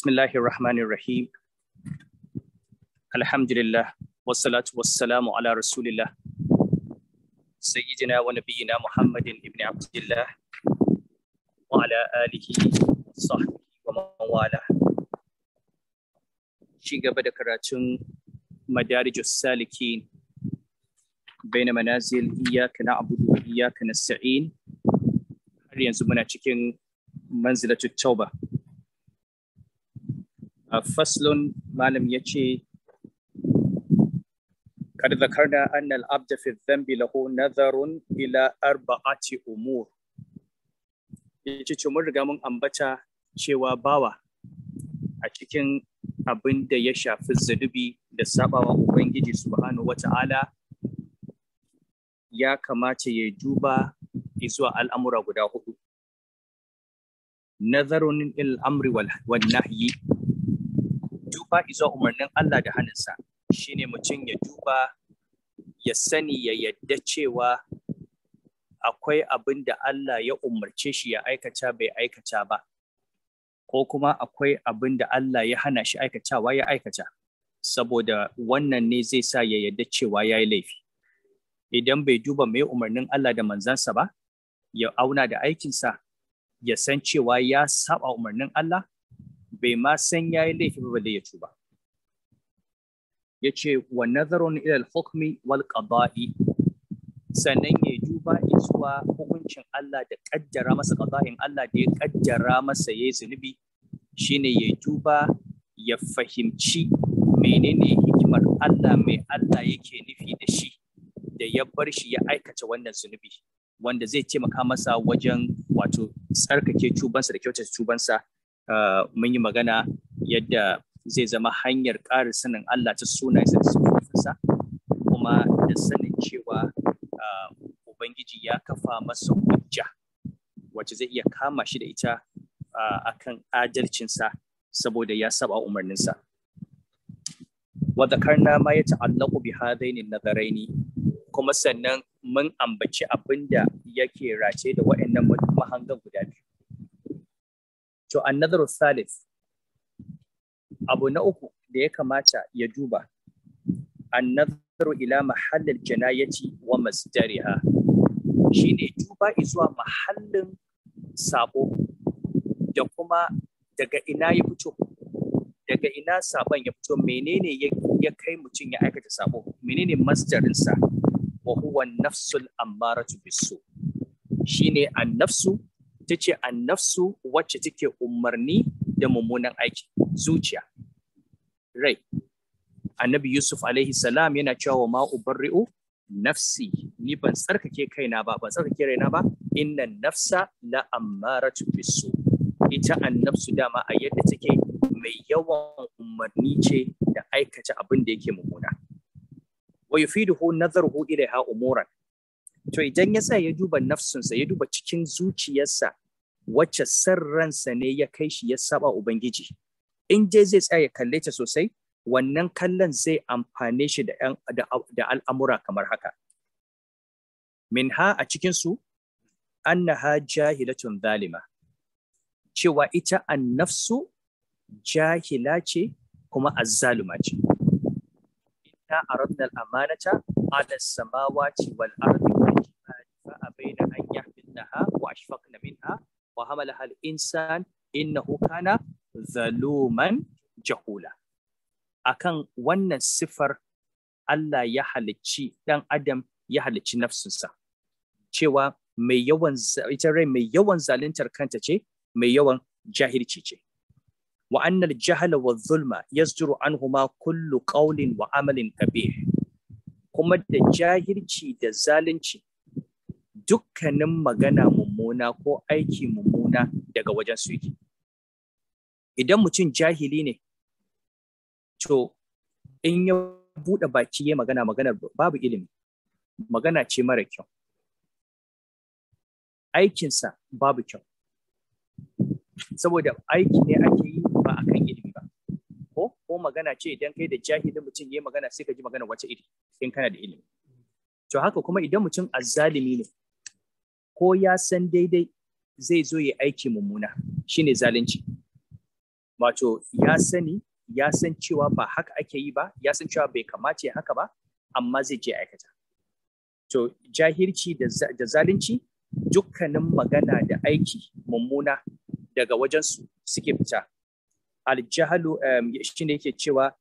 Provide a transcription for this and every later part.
Bismillahir Rahmanir Rahim. Alhamdulillah. Wassalatu wassalamu ala Rasulillah. Sayyidina wa nabiyyina Muhammadin ibn Abdullah wa ala alihi wa sahbihi wa man wala. Ci gaba da karatun Madarijus Salikin baina manazil iyyaka na'budu wa iyyaka nasta'in. Har yanzu muna cikin manzilatut tauba. a faslun malam ya ce kad da anna al-abda fi dhanbi lahu nazarun ila arba'ati umur Ya ce mun riga mun ambata cewa bawa a cikin abin da ya shafi zanubi da sabawa ubangiji subhanahu wata'ala ya kamata ya duba izuwa al'amura guda hudu nazarun il amri wal nahyi Fa'iza, umarnin Allah da hannunsa shine mutum ya duba ya sani ya yadda cewa akwai abin da Allah ya umarce shi ya aikata bai aikata ba ko kuma akwai abin da Allah ya hana shi aikatawa ya aikata saboda wannan ne zai sa ya yadda cewa ya yi laifi idan bai duba mai umarnin Allah da manzansa ba ya auna da aikinsa ya san cewa ya saba umarnin Allah bai ma san yayi laifi ba balle ya tuba yace wa nazarun ila al-hukmi wal qada'i sannan ya duba isuwa hukuncin Allah da kaddara masa qada'in Allah da ya kaddara masa yayi zunubi shine ya duba ya fahimci menene hikimar Allah mai Allah yake nufi da shi da ya bar shi ya aikata wannan zunubi wanda zai taimaka masa wajen wato tsarkake tubansa da kyautata tubansa Ah, mun yi magana yadda zai zama hanyar ƙara sanin Allah ta suna da sufufinsa kuma da sanin cewa ah, Ubangiji ya kafa masa hujja wacce zai iya kama shi da ita a ah, akan adalcinsa saboda ya saba umarninsa. Wa zakarna ma ya ta'allaku bi hadaini nazaraini kuma sannan mun ambaci abin da yake race da waɗannan mahangan guda biyu. to another salis abu na uku da ya kamata ya duba annazaru ila mahallin janayati wa masdariha shine duba zuwa mahallin sabo da kuma daga ina ya fito daga ina sabon ya fito menene ya kai mutum ya aikata sabo menene masdarinsa wa huwa nafsul ammaratu bisu shine annafsu ita ce annafsu wacce take umarni da mummunan aiki zuciya rai annabi yusuf alaihi salam yana cewa ma ubarri'u nafsi ni ban tsarkake kaina ba ban tsarkake raina ba inna nafsa la ammaratu bisu ita annafsu dama a yadda take mai yawan umarni ce da aikata abin da yake mummuna wa yufiduhu nazaruhu ilaiha umuran to idan ya sa ya duba nafsunsa ya duba cikin zuciyarsa wacce san ransa ne ya kai shi ya saba ubangiji in dai zai tsaya ya kalle ta sosai wannan kallon zai amfane shi da, da al'amura kamar haka minha a cikinsu annaha jahilatun zalima cewa ita an nafsu jahila ce kuma azzaluma ce ta aradna al-amanata ala samawati wal ardi a جمالها بين أن يحملنها وأشفقن منها وحملها الإنسان إنه كان ظلوما جهولا akan wannan siffar Allah ya halicci ɗan Adam ya halicci nafsinsa cewa mai yawan ita rai mai yawan zaluntar kanta ce mai yawan jahilci ce wa annal jahala wa zulma yasduru anhuma kullu qawlin wa amalin qabih kuma da jahilci da zalunci dukkanin magana mummuna ko aiki mummuna daga wajen su yake idan mutum jahili ne to in ya buɗe baki ya magana maganar babu ilimi magana ce mara kyau aikinsa babu kyau saboda aiki ne ake yi ba akan ilimi ko magana ce idan kai da jahilin mutum yayi magana sai ka ji magana wace iri in kana da ilimi to haka kuma idan mutum azzalimi ne ko ya san daidai zai zo ya aiki mummuna shine zalunci wato ya sani ya san cewa ba haka ake yi ba ya san cewa bai kamace haka ba amma zai je aikata to jahilci da zalunci dukkanin magana da aiki mummuna daga wajensu suke fita aljahalu um, shi ne yake cewa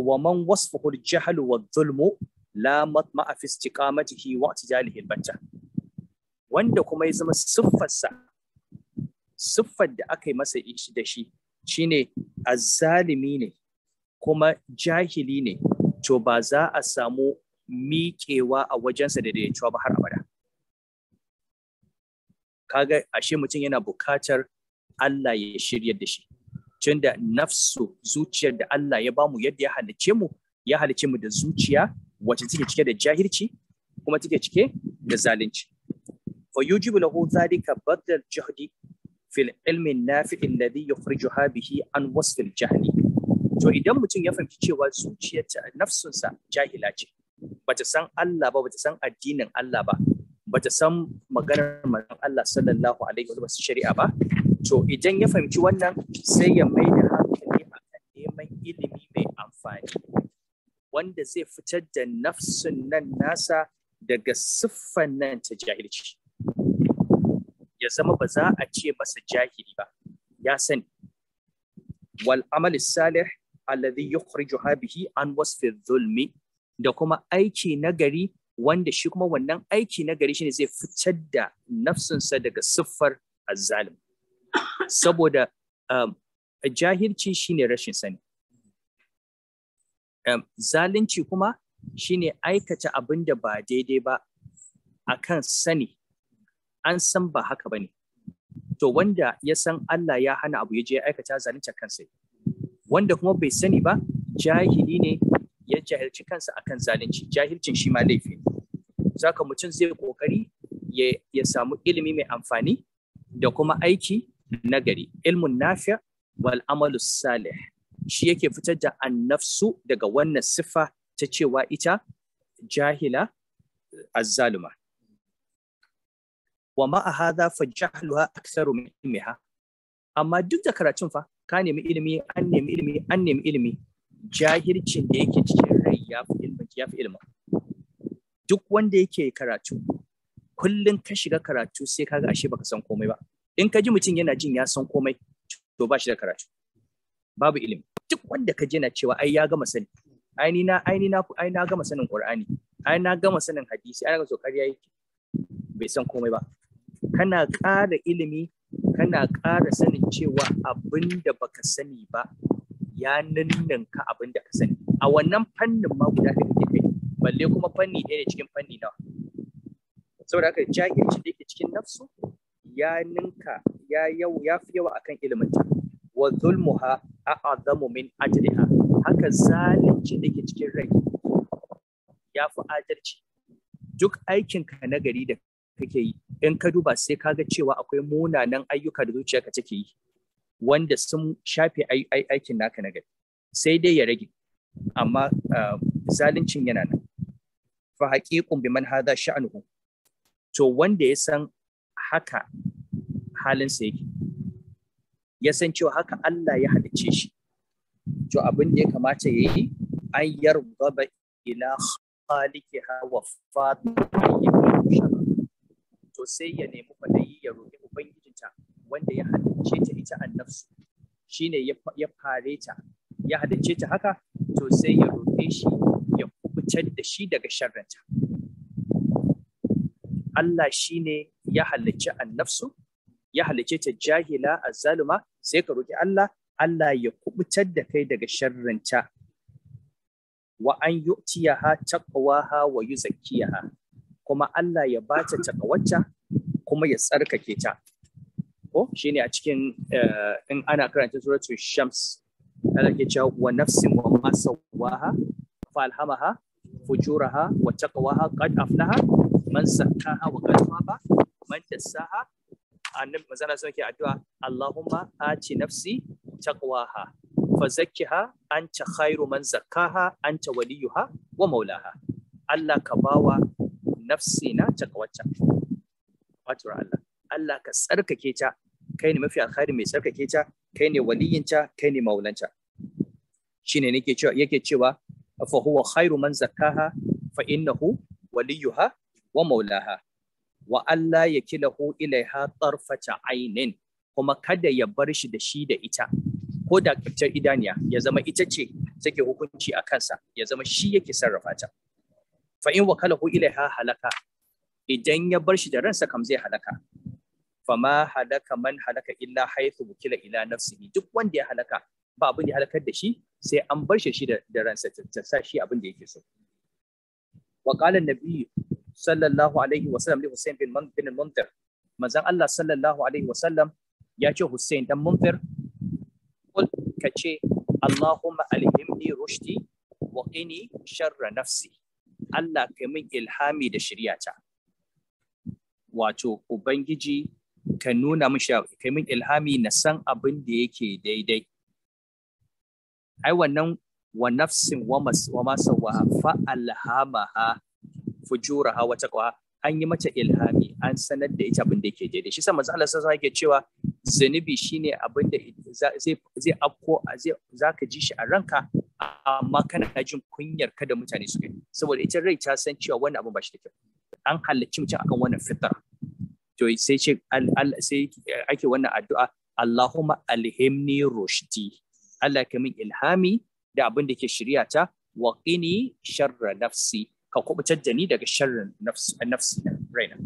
wa man wasfuhu aljahalu wa zulmu la matma fi istiqamatihi wa tijalihi albatta wanda kuma ya zama siffarsa siffar da aka yi masa ishi da shi shine azzalimi ne kuma jahili ne to ba za a samu miƙewa a wajensa da daidaituwa ba har abada kaga ashe mutum yana bukatar Allah ya shiryar da shi tunda nafsu zuciyar da Allah ya bamu yadda ya halice mu ya halice mu da zuciya wacce take cike da jahilci kuma take cike da zalunci fa yujibu lahu zalika badal jahdi fil ilmi nafi' alladhi yukhrijuha bihi an wasf al jahli to idan mutum ya fahimci cewa zuciyarta nafsunsa jahila ce bata san Allah ba bata san addinin Allah ba bata san maganar manzon Allah sallallahu alaihi wasallam shari'a ba to idan ya fahimci wannan sai ya mai da hankali akan neman ilimi mai amfani wanda zai fitar da nafsun nan nasa daga siffan nan ta jahilci ya zama ba za a ce masa jahili ba ya sani wal amal salih alladhi yukhrijuha bihi an wasfi zulmi da kuma aiki nagari wanda shi kuma wannan aiki nagari shine zai fitar da nafsinsa daga siffar azzalim saboda um, jahilci shine rashin sani um, zalunci kuma shine aikata abin da ba daidai ba akan sani an san ba haka ba ne to wanda ya san Allah ya hana abu ya je aikata zalunci kansa wanda kuma bai sani ba jahili ne ya jahilci kansa akan zalunci jahilcin shi ma laifi ne zaka mutum zai kokari ya, ya samu ilimi mai amfani da kuma aiki nagari ilmun nafi wal amalu salih shi yake fitar da annafsu daga wannan siffa ta cewa ita jahila azzaluma wa ma'a hadha fa jahluha aktharu min ilmiha amma duk da karatun fa ka nemi ilimi an nemi ilimi an nemi ilimi jahilcin da yake cikin rai ya fi ilmi ya fi duk wanda yake karatu kullun ka shiga karatu sai kaga ashe baka san komai ba in ka ji mutum yana jin ya san komai to ba shi da karatu babu ilimi duk wanda ka ji yana cewa ai ya gama sani ai ni na ai ni na ai na gama sanin qur'ani ai na gama sanin hadisi ai na so kariya yake bai san komai ba kana ƙara ilimi kana ƙara sanin cewa abinda baka sani ba ya ninninka abin da ka sani a wannan fannin ma guda da kake kai balle kuma fanni ɗaya ne cikin fanni nawa saboda haka jahilci da yake cikin nafsu ya ninka ya yau ya fi yawa akan ilimin ta wa zulmuha a'zamu min ajriha haka zalunci da ke cikin rai ya fi adalci duk aikin ka nagari da kake yi in ka duba sai ka ga cewa akwai munanan ayyuka da zuciyarka take yi wanda sun shafe aikin naka na sai dai ya rage amma ah, zaluncin yana nan fa haqiqun biman hadha sha'nuhu to wanda ya san haka halinsa yake ya san cewa haka Allah ya halicce shi to abin da ya kamata ya yi an gaba ila khaliqiha wa to sai ya nemi fadayi ya roƙi ubangijinta wanda ya halicce ta ita annafsu shine ya fare ta ya halicce ta haka to sai ya roƙe shi ya kubutar da shi daga sharranta Allah shi ne ya halicci annafsu ya halicce ta jahila a zaluma, sai ka roƙi Allah Allah ya kubutar da kai daga sharranta wa an yu'tiyaha taqwaha wa yuzakkiyaha kuma Allah ya bata takawarta kuma ya tsarkake ta ko shi ne a cikin eh, in ana karanta suratul shams Allah ke cewa wa nafsin wa ma sawaha fa alhamaha fujuraha wa taqwaha qad aflaha man zakkaha wa qaddaha ba man dassaha annabi manzala sun ke addu'a Allahumma ati nafsi taqwaha fa zakkiha anta khairu man zakkaha anta waliyuha wa maulaha Allah ka bawa nafsi na taqwata wato Allah Allah ka tsarkake ta kai ne mafi alkhairi mai tsarkake ta kai ne waliyinta kai ne maulanta shine nake cewa yake cewa fa huwa khairu man zakkaha fa innahu waliyuha wa maulaha wa Allah ya kilahu ainin kuma kada ya bar shi da shi da ita ko da kyautar idaniya ya zama ita ce take hukunci a kansa ya zama shi yake sarrafa ta fa in wakalahu ilaiha halaka idan ya bar shi da ransa kam zai halaka ma halaka man halaka illa haythu wukila ila nafsihi duk wanda ya halaka ba abin da halakar da shi sai an bar shi da ransa ta sa shi abin da yake so wa qala nabi sallallahu alaihi wasallam li Hussein bin bin Munzir manzon Allah sallallahu alaihi wasallam ya ce Hussein dan Munzir kul kace ce Allahumma alhimni rushdi wa qini sharra nafsi Allah ka min ilhami da shiryata wato ubangiji ka nuna min ka min ilhami na san abin da yake daidai ai wannan wa nafsin wa masawaha fa alhamaha ha wata kwa an yi mata ilhami an sanar da ita abin da yake daidai shi sa manzo Allah sallallahu alaihi yake cewa zunubi shine abin da zai zai afko zai zaka ji shi a ranka amma kana jin kunyar kada mutane su gani saboda ita rai ta san cewa wannan abin ba shi da an halarci mutum akan wannan fitra to sai ce sai ake wannan addu'a Allahumma alhimni rushdi Allah ka min ilhami da abin da ke shirya ta waqini sharra nafsi ka kubutar da ni daga sharrin nafsi na raina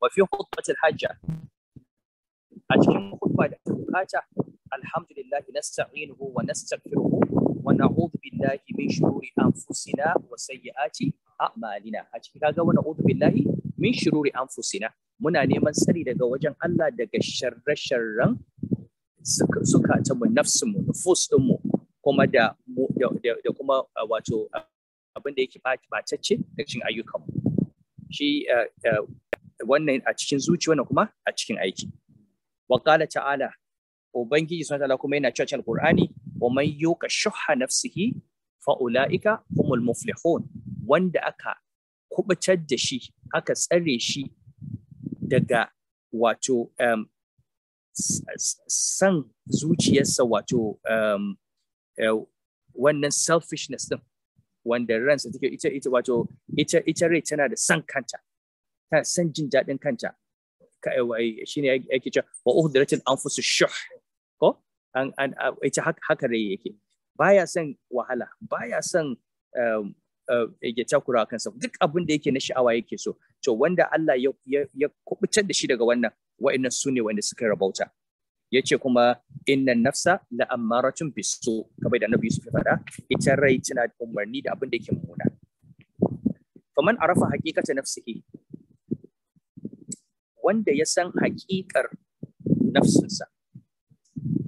wa fi khutbatil hajja a cikin khutba da ta bukata alhamdulillahi nasta'inuhu wa nastaghfiruhu wa na'udhu billahi min shururi anfusina wa sayyiati a'malina a cikin kaga wa na'udhu billahi min shururi anfusina muna neman tsari daga wajen Allah daga sharre-sharren mu nafsinmu nufus ɗinmu kuma da kuma wato abin da yake bacacce da cikin ayyukan shi eh, eh, wannan a cikin zuciya wannan kuma a cikin aiki wa qala ta'ala ubangiji subhanahu ta'ala kuma yana cewa alqur'ani wa man yuqa shuhha nafsihi fa ulaika humul muflihun wanda aka kubutar da shi aka tsare shi daga wato san zuciyarsa wato eh, wannan selfishness din wanda ransa take ita ita wato ita ita rai tana da san kanta tana san jin daɗin kanta eh, shine yake cewa wa uhdiratil anfusu shuh ko an an ita haka rai yake baya son wahala baya son um, um, ya takura kansa duk abin da yake na sha'awa yake so to wanda Allah ya kubutar da shi daga wannan wa'annan su wanda suka rabauta Ya ce kuma inna nafsa la ammaratun bisu kamar da Annabi Yusuf ya ita rai tana umarni da abin da yake muna faman arafa haqiqata nafsihi wanda ya san haƙiƙar nafsinsa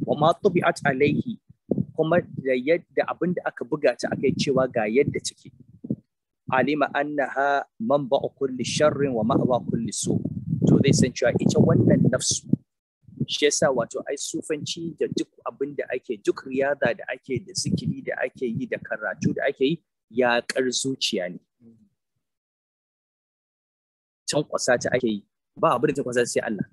wa ma tubi'at alaihi kuma da yadda abin da aka buga ta akai cewa ga yadda take alima annaha manba'u kulli sharrin wa ma'wa kulli su to zai san cewa ita wannan nafsu shi yasa wato ai sufanci da duk abin da ake duk riyada da ake da zikiri da ake yi da karatu da ake yi ya kar zuciya ne kwasa ta ake yi ba abin da kwasa sai Allah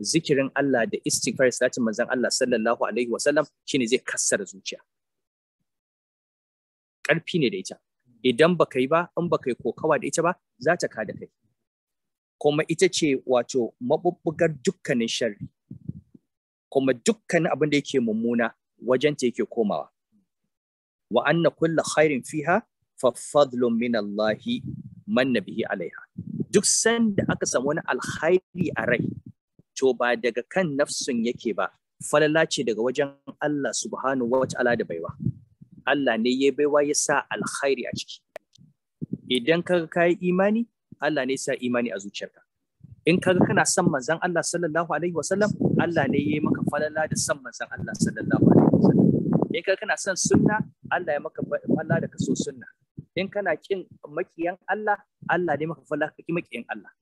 zikirin Allah da istighfar salatin manzon Allah sallallahu alaihi wasallam shine zai kassara zuciya karfi ne da ita idan baka yi ba in baka yi kokawa da ita ba za ta ka da kai kuma ita ce wato mabubbugar dukkanin sharri kuma dukkan abin da yake mummuna wajen ta yake komawa wa anna kullu khairin fiha fa fadlun min Allah man nabihi alaiha duk sanda aka samu wani alkhairi a rai to ba daga kan nafsun yake ba falala ce daga wajen Allah subhanahu wa ta'ala da baiwa Allah ne ya baiwa ya sa alkhairi a ciki idan kaga kayi imani Allah ne ya sa imani a zuciyarka in kaga kana son manzon Allah sallallahu alaihi wasallam Allah ne yayi maka falala da son manzon Allah sallallahu alaihi wasallam in kaga kana son sunna Allah ya maka falala da kaso sunna in kana kin makiyan Allah Allah ne maka falala ka ki makiyan Allah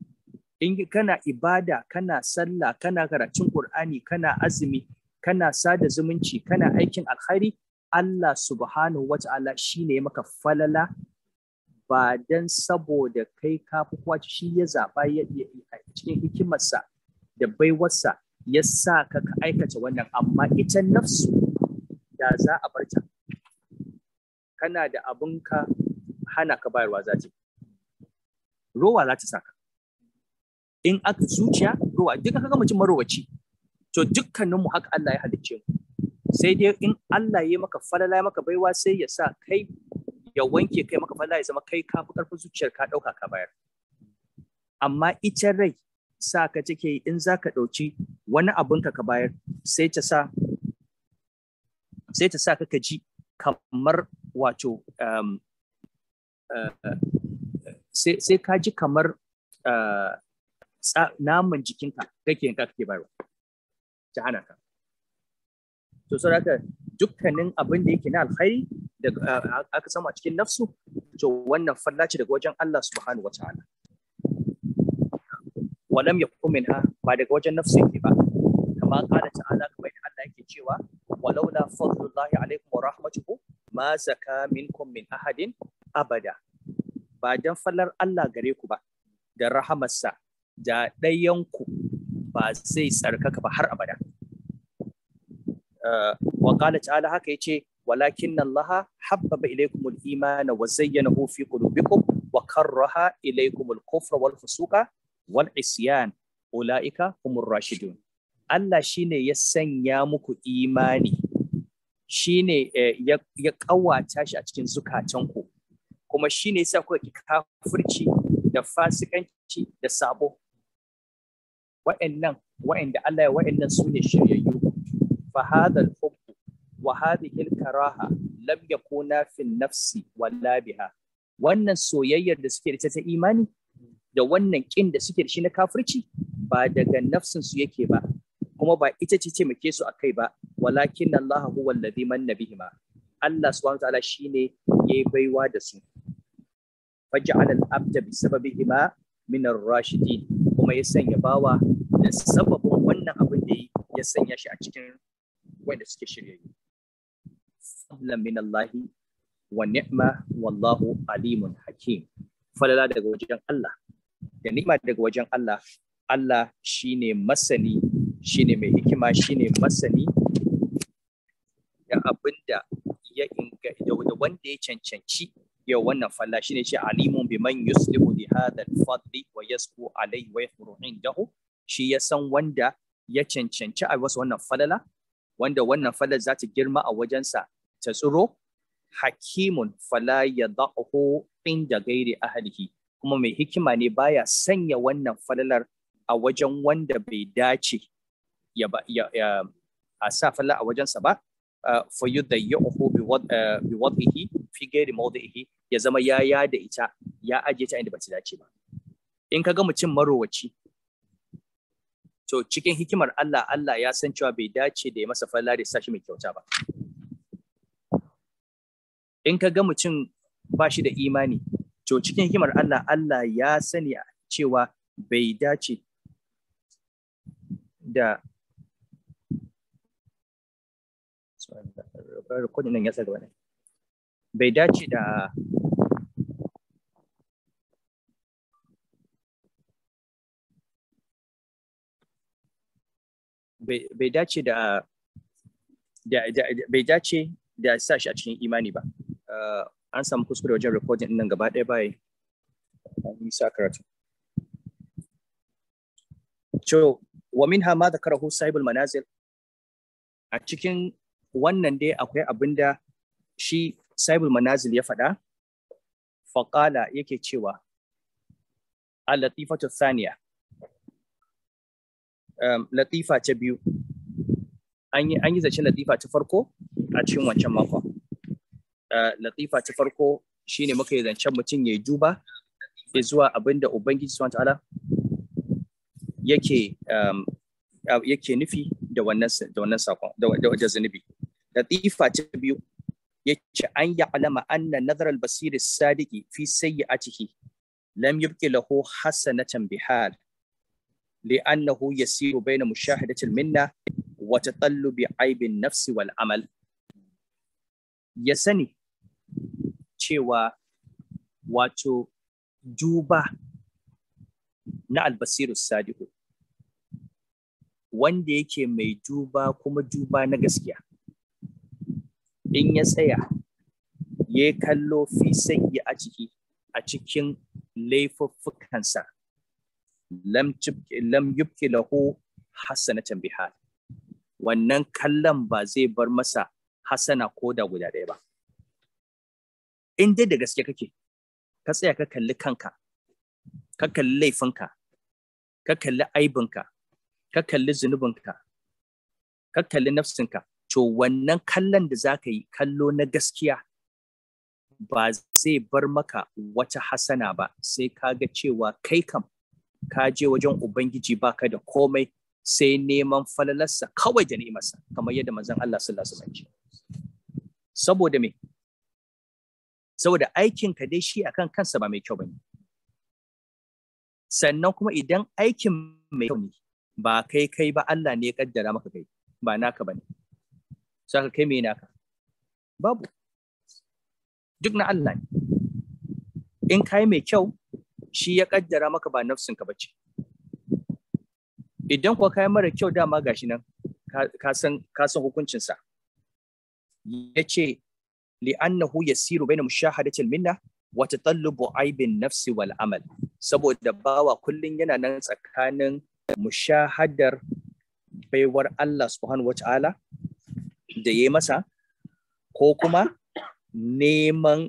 in kana ibada kana sallah kana karatun Qur'ani kana azumi kana sada zumunci kana aikin alkhairi Allah subhanahu wata'ala shine ya maka falala ba dan saboda kai ka fi kwaci shi ya zaɓa ya cikin hikimarsa da baiwarsa ya sa ka ka aikata wannan amma ita nafsu da za a barta kana da abin ka hana ka bayarwa za ta rowa za ta saka in aka zuciya rowa duka kaga mutum marowaci to dukkanin haka Allah ya halicce mu sai dai in Allah ya maka falala ya maka baiwa sai ya sa kai ya wanke kai maka falla ya zama kai ka fi karfin zuciyar ka ɗauka ka bayar amma ita rai sa ka take in za ka ɗauki wani abun ka ka bayar sai ta sa sai ta sa ka ka ji kamar wato um, uh, sai ka ji kamar uh, naman jikinka kake yanka kake bayarwa ta ka to saboda dukkanin abin da yake na alkhairi da aka samu cikin nafsu to wannan fallaci daga wajen Allah subhanahu wa ta'ala walam minha ba daga wajen nafsu yake ba kama ta ta'ala kamar yadda Allah yake cewa walaula fadlullahi alaikum wa rahmatuhu ma zaka minkum min ahadin abada ba dan fallar Allah gare ku ba da rahamarsa da ɗayanku ba zai tsarkaka ba har abada wa qala ta'ala haka yace walakin Allah habbaba ilaykumul imana wa zayyanahu fi qulubikum wa karraha ilaykumul kufra wal fusuqa wal ulaika humur rashidun Allah shine ya sanya muku imani shine eh, ya kawata shi a cikin zukatanku kuma shine yasa kuka ki kafirci da fasikanci da sabo wa'annan wa'anda Allah ya wa'annan su ne shiryayyu فهذا الحب وهذه الكراهة لم يكونا في النفس ولا بها wannan soyayyar da suke da ta imani da wannan kin da suke da shi na kafirci ba daga nafsin su yake ba kuma ba ita ce taimake su akai ba walakin Allah huwa alladhi manna bihima Allah subhanahu wataala shine yayi baiwa da su faj'ala al-abda bi sababihima min ar-rashidin kuma ya sanya bawa da sababin wannan abin da ya sanya shi a cikin wanda suke shiryayyu sallan min Allah wa ni'ma wallahu alimun hakim falala daga wajen Allah da ni'ma daga wajen Allah Allah shine masani shine mai hikima shine masani da abinda ya inga da wanda ya cancanci yau wannan falla shine shi alimun bi man yuslihu bi hadha al-fadli wa yasku alayhi wa yahru indahu shi ya san wanda ya cancanci a wasu wannan falala wanda wannan falar za ta girma a wajensa ta tsiro hakimun fala ya da'uhu inda gairi ahlihi kuma mai hikima ne baya sanya wannan falalar a wajen wanda bai dace ya, a sa falla a wajensa ba fa yudayyuhu bi wadhihi fi gairi mawdihi ya zama ya yada ita ya aje ta inda ba ta dace ba in ka ga mutum marowaci to cikin hikimar Allah Allah ya san cewa bai dace da ya masa falla da sashi mai kyauta ba in ka ga mutum ba shi da imani to cikin hikimar Allah Allah ya sani cewa bai dace da bai dace da bai dace da bai dace a cikin imani ba uh, an samu kuskure wajen recording nan gaba ɗaya bai an sa karatu so wa minha ma zakarahu sahibul manazil a cikin wannan dai akwai abinda shi sahibul manazil ya faɗa faƙala yake cewa al-latifatu thaniya Um, latifa ta biyu an yi an zace latifa ta farko a cikin wancan makon uh, latifa ta farko shine muka yi zancen mutum ya duba zuwa abin da ubangiji su ta'ala yake um, uh, yake nufi da wannan da wannan sakon da latifa ta biyu yace an ya'lama anna nazar al-basir as-sadiqi fi sayyi'atihi lam yubqi lahu hasanatan bihal لأنه يسير بين مشاهدة المنة وتطلب عيب النفس والعمل يسني cewa wato duba na albasiru السادق wanda yake mai duba kuma duba na gaskiya in ya tsaya ya kallo fi sanyi a a cikin laifuffukansa lam lam yubki lahu hasanatan bihal wannan kallon ba zai bar masa hasana ko da guda ɗaya ba in dai da gaske kake ka tsaya ka kalli kanka ka kalli laifinka ka kalli aibinka ka kalli zunubinka ka kalli nafsinka to wannan kallon da za ka yi kallo na gaskiya ba zai bar maka wata hasana ba sai ka ga cewa kai kam ka je wajen ubangiji baka da komai sai neman falalarsa kawai da ni'imarsa kamar yadda manzon Allah sallallahu alaihi wasallam saboda me saboda aikin ka dai shi akan kansa ba mai kyau bane sannan kuma idan aikin mai kyau ne ba kai kai ba Allah ne ya kaddara maka kai ba naka bane saka kai mai naka babu duk na Allah ne in kai mai kyau shi ya kaddara maka ba nafsin ka bace idan kuwa kai mara kyau dama gashi nan ka san ka san hukuncin sa yace li'annahu yasiru bayna mushahadati minna wa tatallubu aibin nafsi wal amal saboda bawa kullum yana nan tsakanin mushahadar baiwar Allah subhanahu wata'ala da ya masa ko kuma neman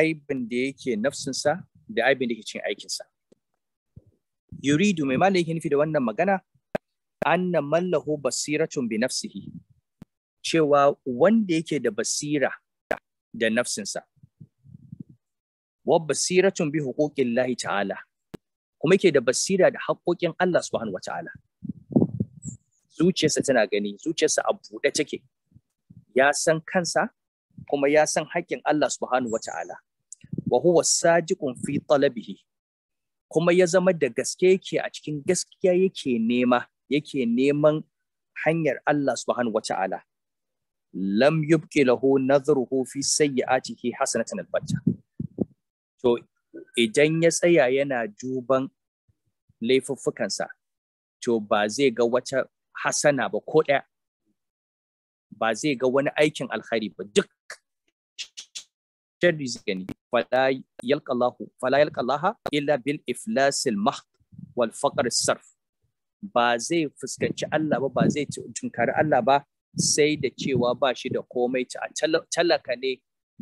aibin da yake nafsinsa da abin da ke cikin aikinsa. Yuridu mai malai yake nufi da wannan magana, anna mallahu basiratun bi nafsihi, cewa wanda yake da basira da nafsinsa. Wa basiratun bi huquqin lahi ta'ala, kuma yake da basira da haƙoƙin Allah subhanahu wa ta'ala. Zuciyarsa tana gani, zuciyarsa a buɗe take, ya san kansa, kuma ya san haƙƙin Allah subhanahu wa ta'ala. wa huwa sajiqun kuma ya zama da gaske yake a cikin gaskiya yake nema yake neman hanyar Allah subhanahu wata'ala lam yubqi lahu nadhruhu fi sayyi'atihi hasanatan albatta to idan ya tsaya yana duban laifuffukansa to ba zai ga wata hasana ba ko ɗaya ba zai ga wani aikin alkhairi ba duk sharri zai fala yalqallahu illa bil iflasil mahd wal faqr sarf ba zai fuskanci Allah ba ba zai tunkari Allah ba sai da cewa ba shi da komai talaka ne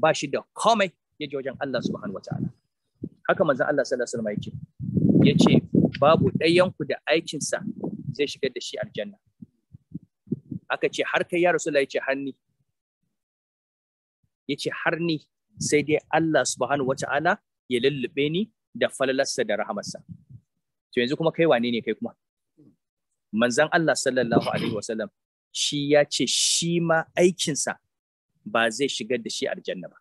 ba shi da komai ya je wajen Allah subhanahu wataala haka manzon Allah sallallahu alaihi wasallam yake yace babu ɗayanku da aikinsa zai shigar da shi aljanna aka ce har kai ya rasu ya ce harni ya ce harni sai dai Allah subhanahu Ta'ala ya lullube ni da falalarsa da rahamarsa to yanzu kuma kai wane ne kai kuma manzon Allah sallallahu alaihi wasallam shi ya ce shi ma aikinsa ba zai shigar da shi aljanna ba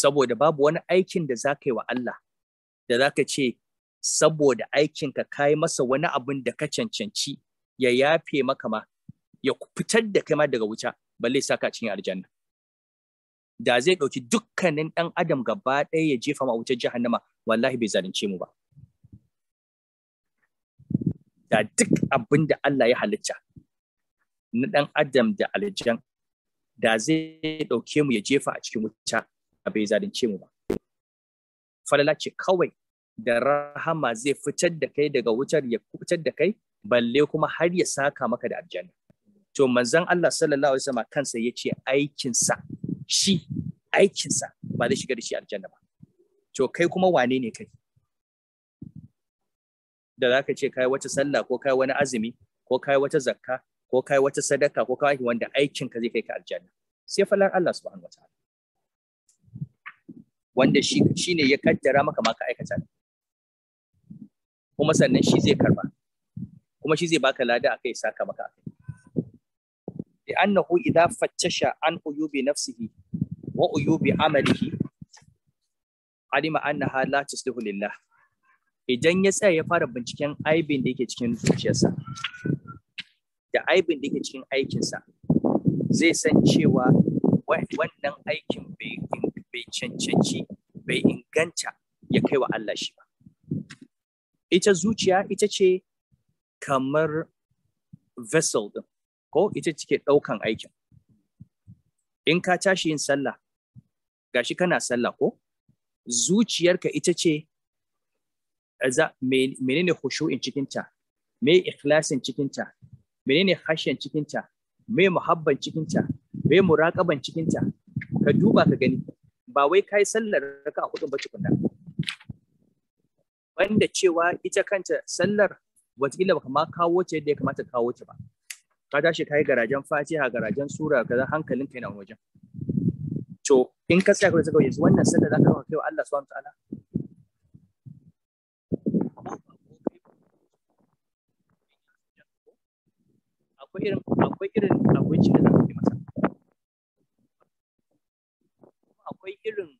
saboda babu wani aikin da za ka yi wa Allah da za ka ce saboda aikinka ka yi masa wani abin da ka cancanci ya yafe maka ma ya fitar da kai ma daga wuta balle sa ka cikin aljanna da zai ɗauki dukkanin ɗan adam gaba ɗaya ya jefa ma wutar jahannama wallahi bai zalunce mu ba da duk abin da Allah ya halitta na ɗan adam da aljan da zai ɗauke mu ya jefa a cikin wuta bai zalunce mu ba falala ce kawai da rahama zai fitar da kai daga wutar ya fitar da kai balle kuma har ya saka maka da aljanna to manzon Allah sallallahu alaihi wasallam kansa yace aikinsa shi aikinsa ba zai shiga da shi aljanna ba to kai kuma wane ne kai da za ka ce kai wata sallah ko kai wani azumi ko kai wata zakka ko kai wata sadaka ko kai wanda aikinka zai kai ka aljanna sai falan Allah subhanahu wataala wanda shi shine ya kaddara maka ma ka aikata kuma sannan shi zai karba kuma shi zai baka lada akai saka maka akai لأنه إذا فتش عن عيوب نفسه وعيوب عمله علم أنها لا تصلح لله idan ya tsaya ya fara binciken aibin da yake cikin zuciyarsa da aibin da yake cikin aikinsa zai san cewa wannan aikin bai cancanci bai inganta ya kai wa Allah shi ba ita zuciya ita ce kamar vessel din ko ita cike ɗaukan aikin in ka tashi yin sallah gashi kana sallah ko zuciyarka ita ce menene hushu'in cikinta me ikhlasin cikinta menene hashen cikinta me muhabban cikinta me muraƙaban cikinta ka duba ka gani ba wai kai sallar raka a kuɗin ba tukuna. banda cewa ita kanta sallar wataƙila ba kama kawo ta yadda ya kamata kawo ta ba ka tashi yi garajen fatiha garajen sura kaza hankalin kai wajen to in ka tsaya kawai yanzu wannan sallah za ka kawo kai Allah subhanahu wataala akwai irin akwai irin abinci da za ka yi masa akwai irin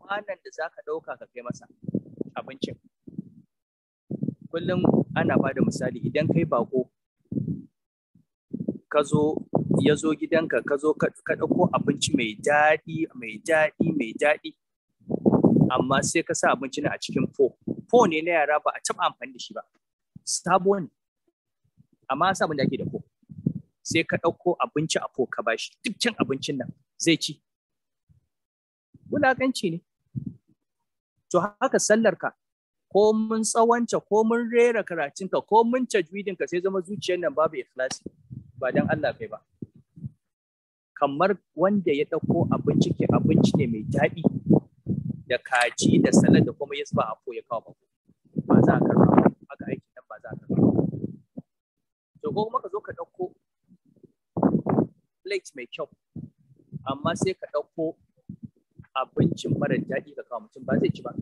kwanan da za ka ɗauka ka kai masa abincin kullum ana ba da misali idan kai bako ka zo ya zo gidanka ka zo ka ɗauko abinci mai daɗi mai daɗi mai daɗi amma sai ka sa abincin a cikin po po ne na yara ba a taɓa amfani da shi ba sabo ne amma sa abin da ake da po sai ka ɗauko abinci a po ka bashi dukkan abincin nan zai ci wulaƙanci ne to haka sallarka ko mun tsawanta ko mun rera karatunka ko mun ka sai zama zuciyar nan babu ikhlasi ba dan Allah kai ba kamar wanda ya ɗauko abinci ke abinci ne mai daɗi da kaji da salad da kuma ya zuba a ya kawo ba ba za a karɓa haka aiki nan ba za a karɓa to ko kuma ka zo ka ɗauko plate mai kyau amma sai ka ɗauko abincin mara daɗi ka kawo mutum ba zai ci ba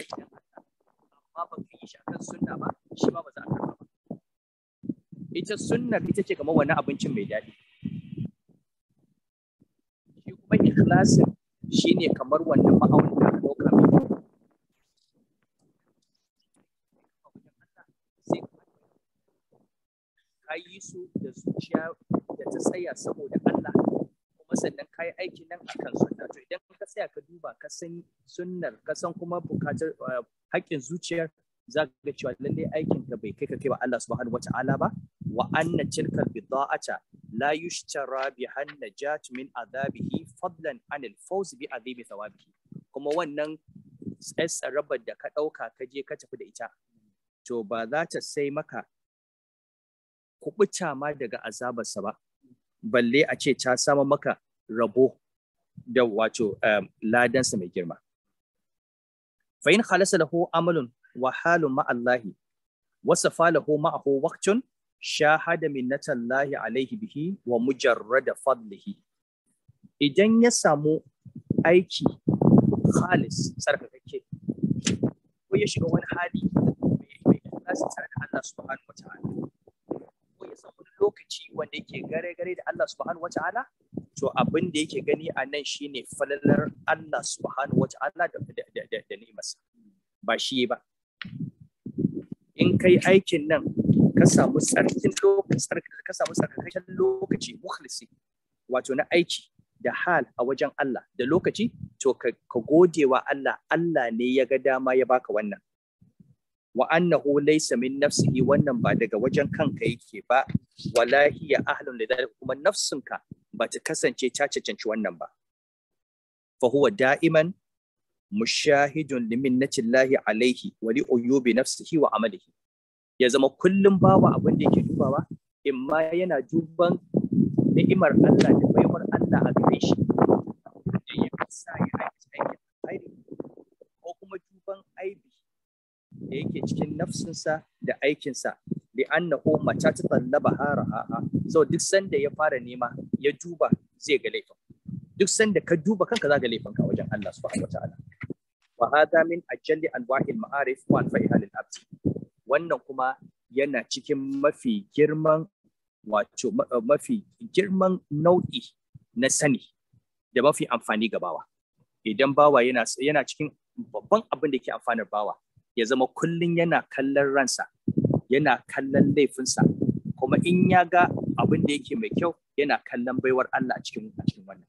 Thank you. amma yi shi akan sunna ba shi ba za a karɓa ba ita sunnar ita ce kamar wani abincin mai daɗi shi kuma ikhlasin shine kamar wannan ma'aunin da ɗauka ka yi su da zuciya da ta tsaya saboda Allah Masallin kayan ka yi aiki nan akan sunna to idan ka tsaya ka duba ka san sunnar ka san kuma bukatar eh, haƙƙin zuciyar za ka ga cewa lallai aikin ka bai kai ka kai ba Allah subhanahu wata'ala ba wa anna tilkal bidda'ata la yushtara biha najat min adabihi fadlan an al fawz bi adhibi thawabihi kuma wannan tsarabar da ka dauka ka je ka tafi da ita to ba za ta sai maka kubuta ma daga azabarsa ba balle a ce ta sama maka rabo da wato eh, ladansa mai girma fa in lahu amalun wa halun ma Allahi wa ma'ahu waqtun shahada minnatallahi alaihi bihi wa mujarrada fadlihi idan ya samu aiki khalis tsarkakakke ko ya shiga wani hali mai ikhlasi tsare da Allah subhanahu wa ta'ala lokaci wanda yake gare gare da Allah subhanahu wata'ala to abin da yake gani a nan shine falalar Allah subhanahu wata'ala da da ba shi ba in kai aikin nan ka samu tsarkin lokaci lokaci mukhlisi wato na aiki da hal a wajen Allah da lokaci to ka gode wa Allah Allah ne ya ga dama ya baka wannan wa annahu laysa min nafsihi wannan ba daga wajen kanka yake ba wallahi ya ahlun lidhalika kuma nafsinka ba ta kasance ta cancanci wannan ba fa huwa da'iman mushahidun llahi alaihi wa li uyubi nafsihi wa amalihi ya zama kullum babu abin da yake dubawa in ma yana duban ni'imar Allah da baiwar Allah a gare shi da yake cikin nafsinsa da aikinsa bi na mata ta tallaba haraha so duk sanda ya fara nema ya duba zai ga laifin duk sanda ka duba kanka za ga laifin ka wajen Allah subhanahu wataala wa hada min ajalli anwa'il ma'arif wa anfa'iha lil abd wannan kuma yana cikin mafi girman wato eh, mafi girman nau'i na sani da mafi amfani ga bawa idan bawa yana yana cikin babban abin da ke amfanar bawa ya zama kullum yana kallon ransa yana kallon laifinsa kuma in ya ga abin da yake mai kyau yana kallon baiwar Allah a cikin a wannan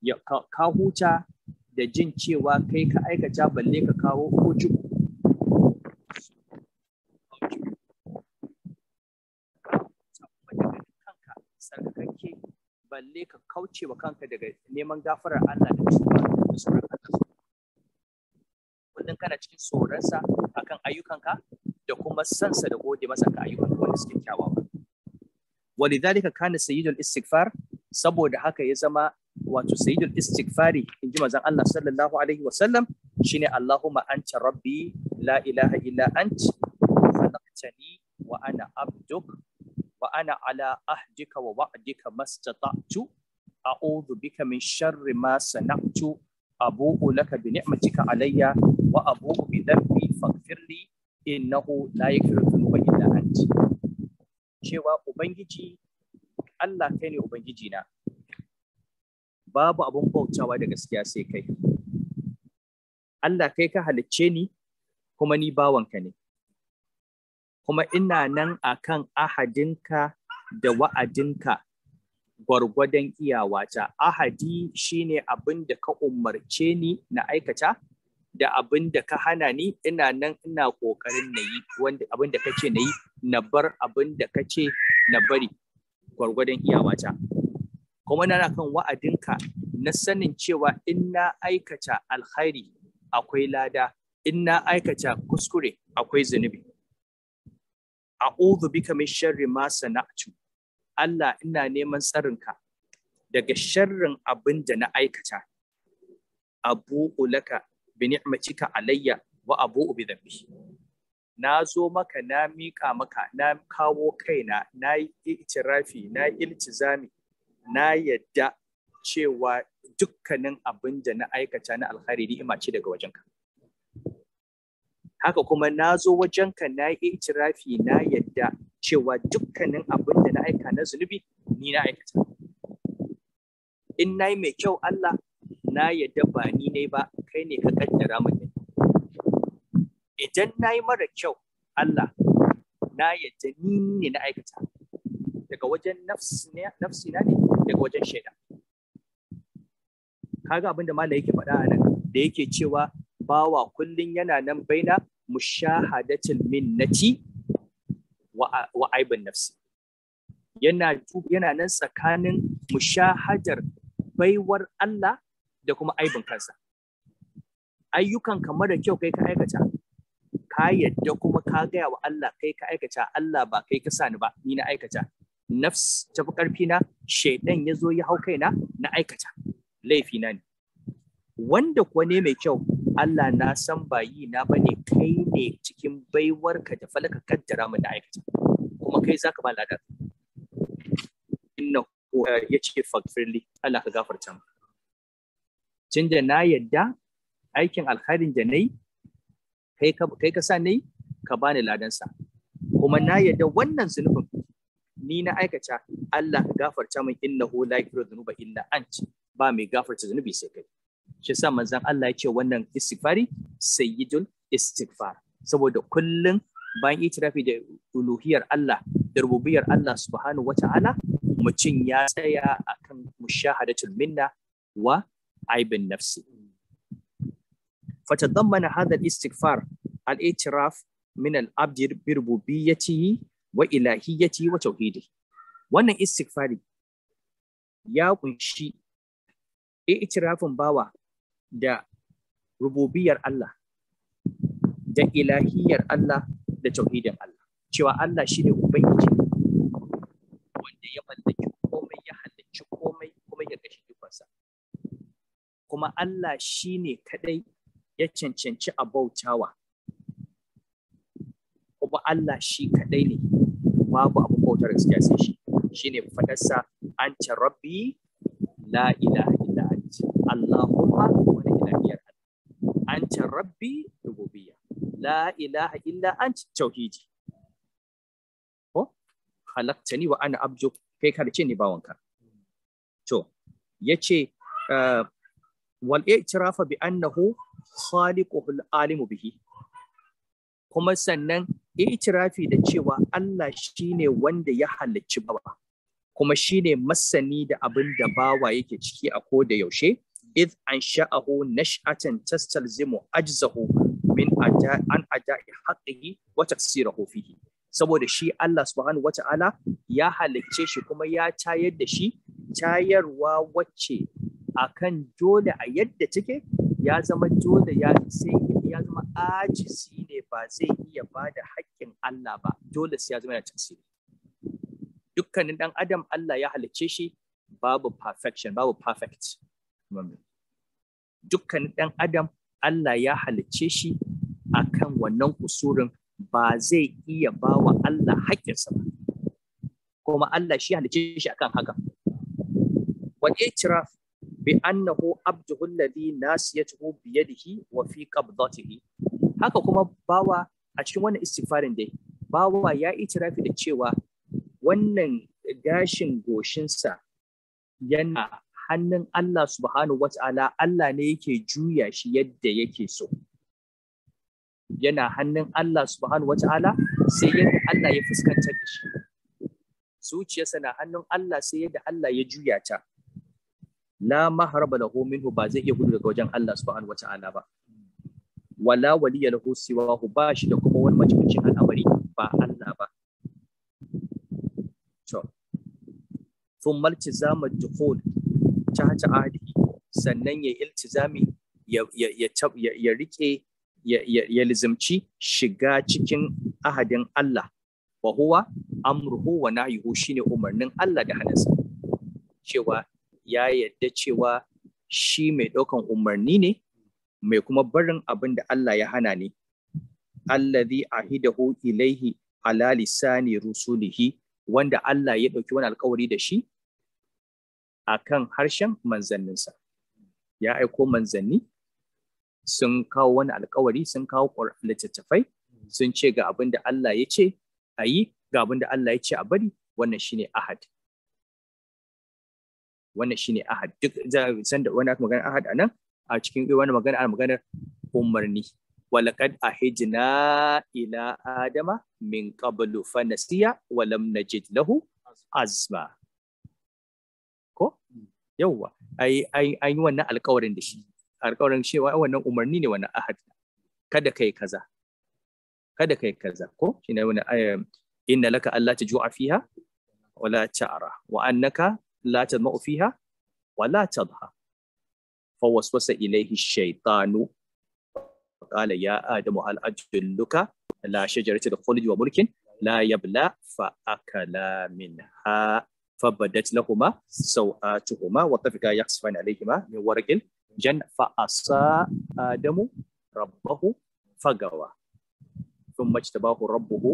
ya ka huta da jin cewa kai ka aikata balle ka kawo ujubu balle ka kauce wa kanka daga neman gafarar Allah da sauran Allah kullum kana cikin tsoronsa akan ayyukanka da kuma sansa da gode masa ka ayyukan wanda suke kyawawa zalika kana sayyidul istighfar saboda haka ya zama wato sayidul istighfari inji mazan Allah sallallahu alaihi wa sallam shine Allahumma anta rabbi la ilaha illa ant khalaqtani wa ana abduk wa ana ala ahdika wa wa'dika mastata'tu a'udhu bika min sharri ma sana'tu abu'u laka bi ni'matika alayya wa abu'u bi dhanbi faghfirli innahu la yaghfiru dhunuba illa ant cewa ubangiji Allah kai ne ubangiji na babu abun bautawa da gaskiya sai kai Allah kai ka halicce ni kuma ni bawanka ne kuma ina nan akan ahadinka da wa'adinka gwargwadon iyawata ahadi shine abin da ka umarce ni na aikata da abin da ka hana ni ina nan ina kokarin na yi wanda abin da kace na yi na bar abin da kace na bari gwargwadon iyawata kuma na kan wa'adinka na sanin cewa in na aikata alkhairi akwai lada in na aikata kuskure akwai zunubi a'udhu bika min sharri ma sana'tu Allah ina neman tsarinka daga sharrin abin da na aikata abu ulaka bi ni'matika alayya wa abu bi dhanbi na zo maka na mika maka na kawo kaina na yi itirafi na iltizami na yadda cewa dukkanin abin da na aikata na alkhairi ni'ima ce daga wajenka haka kuma na zo wajenka na yi itirafi na yadda cewa dukkanin abin da na aika na zunubi ni na aikata in na yi mai kyau Allah na yadda ba ni ne ba kai ne ka kaddara mini idan na yi mara kyau Allah na yadda ni ne na aikata daga wajen nafsi na ne daga wajen shaida kaga abin da malai yake faɗa a nan da yake cewa bawa kullum yana nan baina mushahadatul minnati wa aibin nafsi yana yana nan tsakanin mushahadar baiwar Allah da kuma aibin kansa ayyukan kamar da kyau kai ka aikata ka yadda kuma ka gaya wa Allah kai ka aikata Allah ba kai ka sani ba ni na aikata nafs ta fi karfi na shaidan ya zo ya hau kaina na aikata laifi na ne wanda kuwa ne mai kyau Allah na san ba yi na bane kai ne cikin baiwar ka da falaka kaddara mu da aikata kuma kai zaka ba ladar inna eh, ya ce fagfirli Allah ka gafarta mu tun da na yadda aikin alkhairin da nayi kai ka kai ka sa nayi ka bani ladansa kuma na yadda wannan zunubin ni na aikata Allah ka gafarta mu innahu la yaghfiru dhunuba illa ant ba mai gafarta zunubi sai kai shi sa manzon Allah ya ce wannan istighfari sayyidul istighfar saboda kullum bayan itirafi da uluhiyar Allah da rububiyar Allah subhanahu wata'ala mutum ya tsaya akan mushahadatul minna wa aibin nafsi فتضمن al الاستغفار الاعتراف من العبد بربوبيته وإلهيته tauhidi wannan istighfari ya kunshi itirafin bawa da rububiyar Allah da ilahiyar Allah da tauhidin Allah cewa Allah shi ne ubangiji wanda ya mallaki komai ya halicci komai kuma ya gashi dukansa kuma Allah shi ne kadai ya cancanci a bautawa kuma Allah shi kadai ne babu abu bautar gaskiya sai shi shine fadarsa an rabbi la ilaha illa anta allahumma tafiyar an ce rabbi rububiyya la ilaha illa an ci tauhidi ko halaktani wa ana abdu kai ce ni bawanka to yace wal i'tirafa bi annahu khaliquhul alimu bihi kuma sannan itirafi da cewa Allah shine wanda ya halicci baba kuma shine masani da abinda bawa yake ciki a ko da yaushe إذ أنشأه نشأة تستلزم أجزه من أداء عن أداء حقه وتقصيره فيه saboda shi Allah subhanahu Ta'ala ya halicce shi kuma ya tayar da shi tayarwa wacce akan dole a yadda take ya zama dole ya sai ya zama ajisi ne ba zai iya ba da haƙƙin Allah ba dole sai ya zama yana tasiri dukkanin dan adam Allah ya halicce shi babu perfection babu perfect dukkan ɗan adam Allah ya halicce shi akan wannan kusurin ba zai iya ba wa Allah haƙƙinsa ba kuma Allah shi halicce shi akan haka wal itiraf bi annahu abduhu alladhi nasiyatuhu bi yadihi wa fi qabdatihi haka kuma bawa a cikin wannan istighfarin dai bawa ya itirafi da cewa wannan gashin goshinsa yana hannun Allah subhanahu ta'ala Allah ne yake juya shi yadda yake so yana hannun Allah subhanahu ta'ala sai yadda Allah ya fuskantar da shi zuciyarsa na hannun Allah sai yadda Allah ya juya ta la maharaba lahu minhu ba zai iya gudu daga wajen Allah subhanahu ta'ala ba wala waliya lahu siwahu ba shi da kuma wani majibincin al'amari ba Allah ba ثم التزام الدخول caca adihi sannan ya iltizami ya ya rike ya lizimci shiga cikin ahadin Allah wa huwa amruhu wa nahyuhu shine umarnin Allah da hannunsa cewa ya yadda cewa shi mai ɗaukan umarni ne mai kuma barin abin da Allah ya hana ne allazi ahidahu ilaihi ala lisani rusulihi wanda Allah ya ɗauki wani alkawari da shi a kan harshen manzanninsa. Ya aiko manzanni sun kawo wani alkawari sun kawo littattafai sun ce ga abin da Allah ya ce a yi ga abin da Allah ya ce a bari wannan shine ahad. Wannan shine ahad duk sanda wani aka magana ahad a nan a cikin wani magana a maganar umarni. Walakad ahijna ila Adama min qablu fanasiya walam najid lahu azma. Yau ai ai ai wannan alƙawarin da shi alƙawarin cewa wannan umarni ne wannan ahad kada kai kaza kada kai kaza ko shine wannan ayat eh, inna laka alla tajua fiha wala ta'ra wa annaka la tadma'u fiha wala tadha فوسوس إليه الشيطان قال يا آدم هل أدلك لا شجرة الخلد وملك لا يبلى فأكلا منها فبدت لهما سوآتهما وطفقا يقصفان عليهما من ورق جن فعصى آدم ربه فغوى ثم اجتباه ربه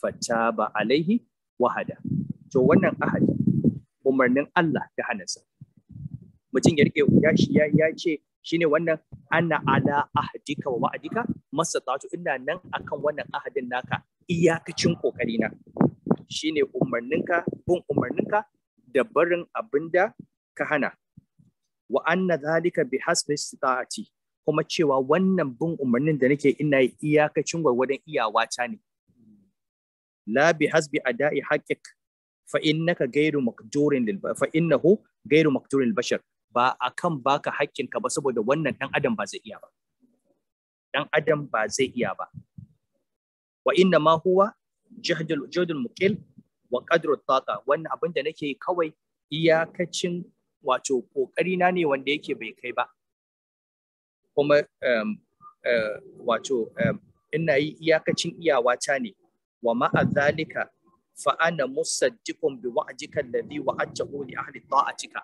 فتاب عليه وهدى to wannan ahadi umarnin Allah da hannunsa mutum ya rike ya ya ce shine wannan ana ala ahadika wa wa'adika masatatu ina nan akan wannan ahadin naka iyakacin kokarina shine umarninka bin umarninka da barin abin da ka hana wa anna zalika bi hasbi istita'ati kuma cewa wannan bin umarnin da nake ina yi iyakacin gwargwadon ta ne la bi hasbi ada'i haqqik fa innaka ghayru maqdurin lil fa innahu ghayru maqdurin lil bashar ba akan baka haƙƙinka ba saboda wannan dan adam ba zai iya ba dan adam ba zai iya ba wa inna ma huwa jahdul mukil muqil wa qadru taqa wannan abin da nake kawai iyakacin wato kokari na ne wanda yake bai kai ba kuma um, uh, wato um, ina yi iyakacin iyawata ne wa ma'azalika zalika fa ana musaddiqun bi wa'dika alladhi wa'adtahu li ahli ta'atika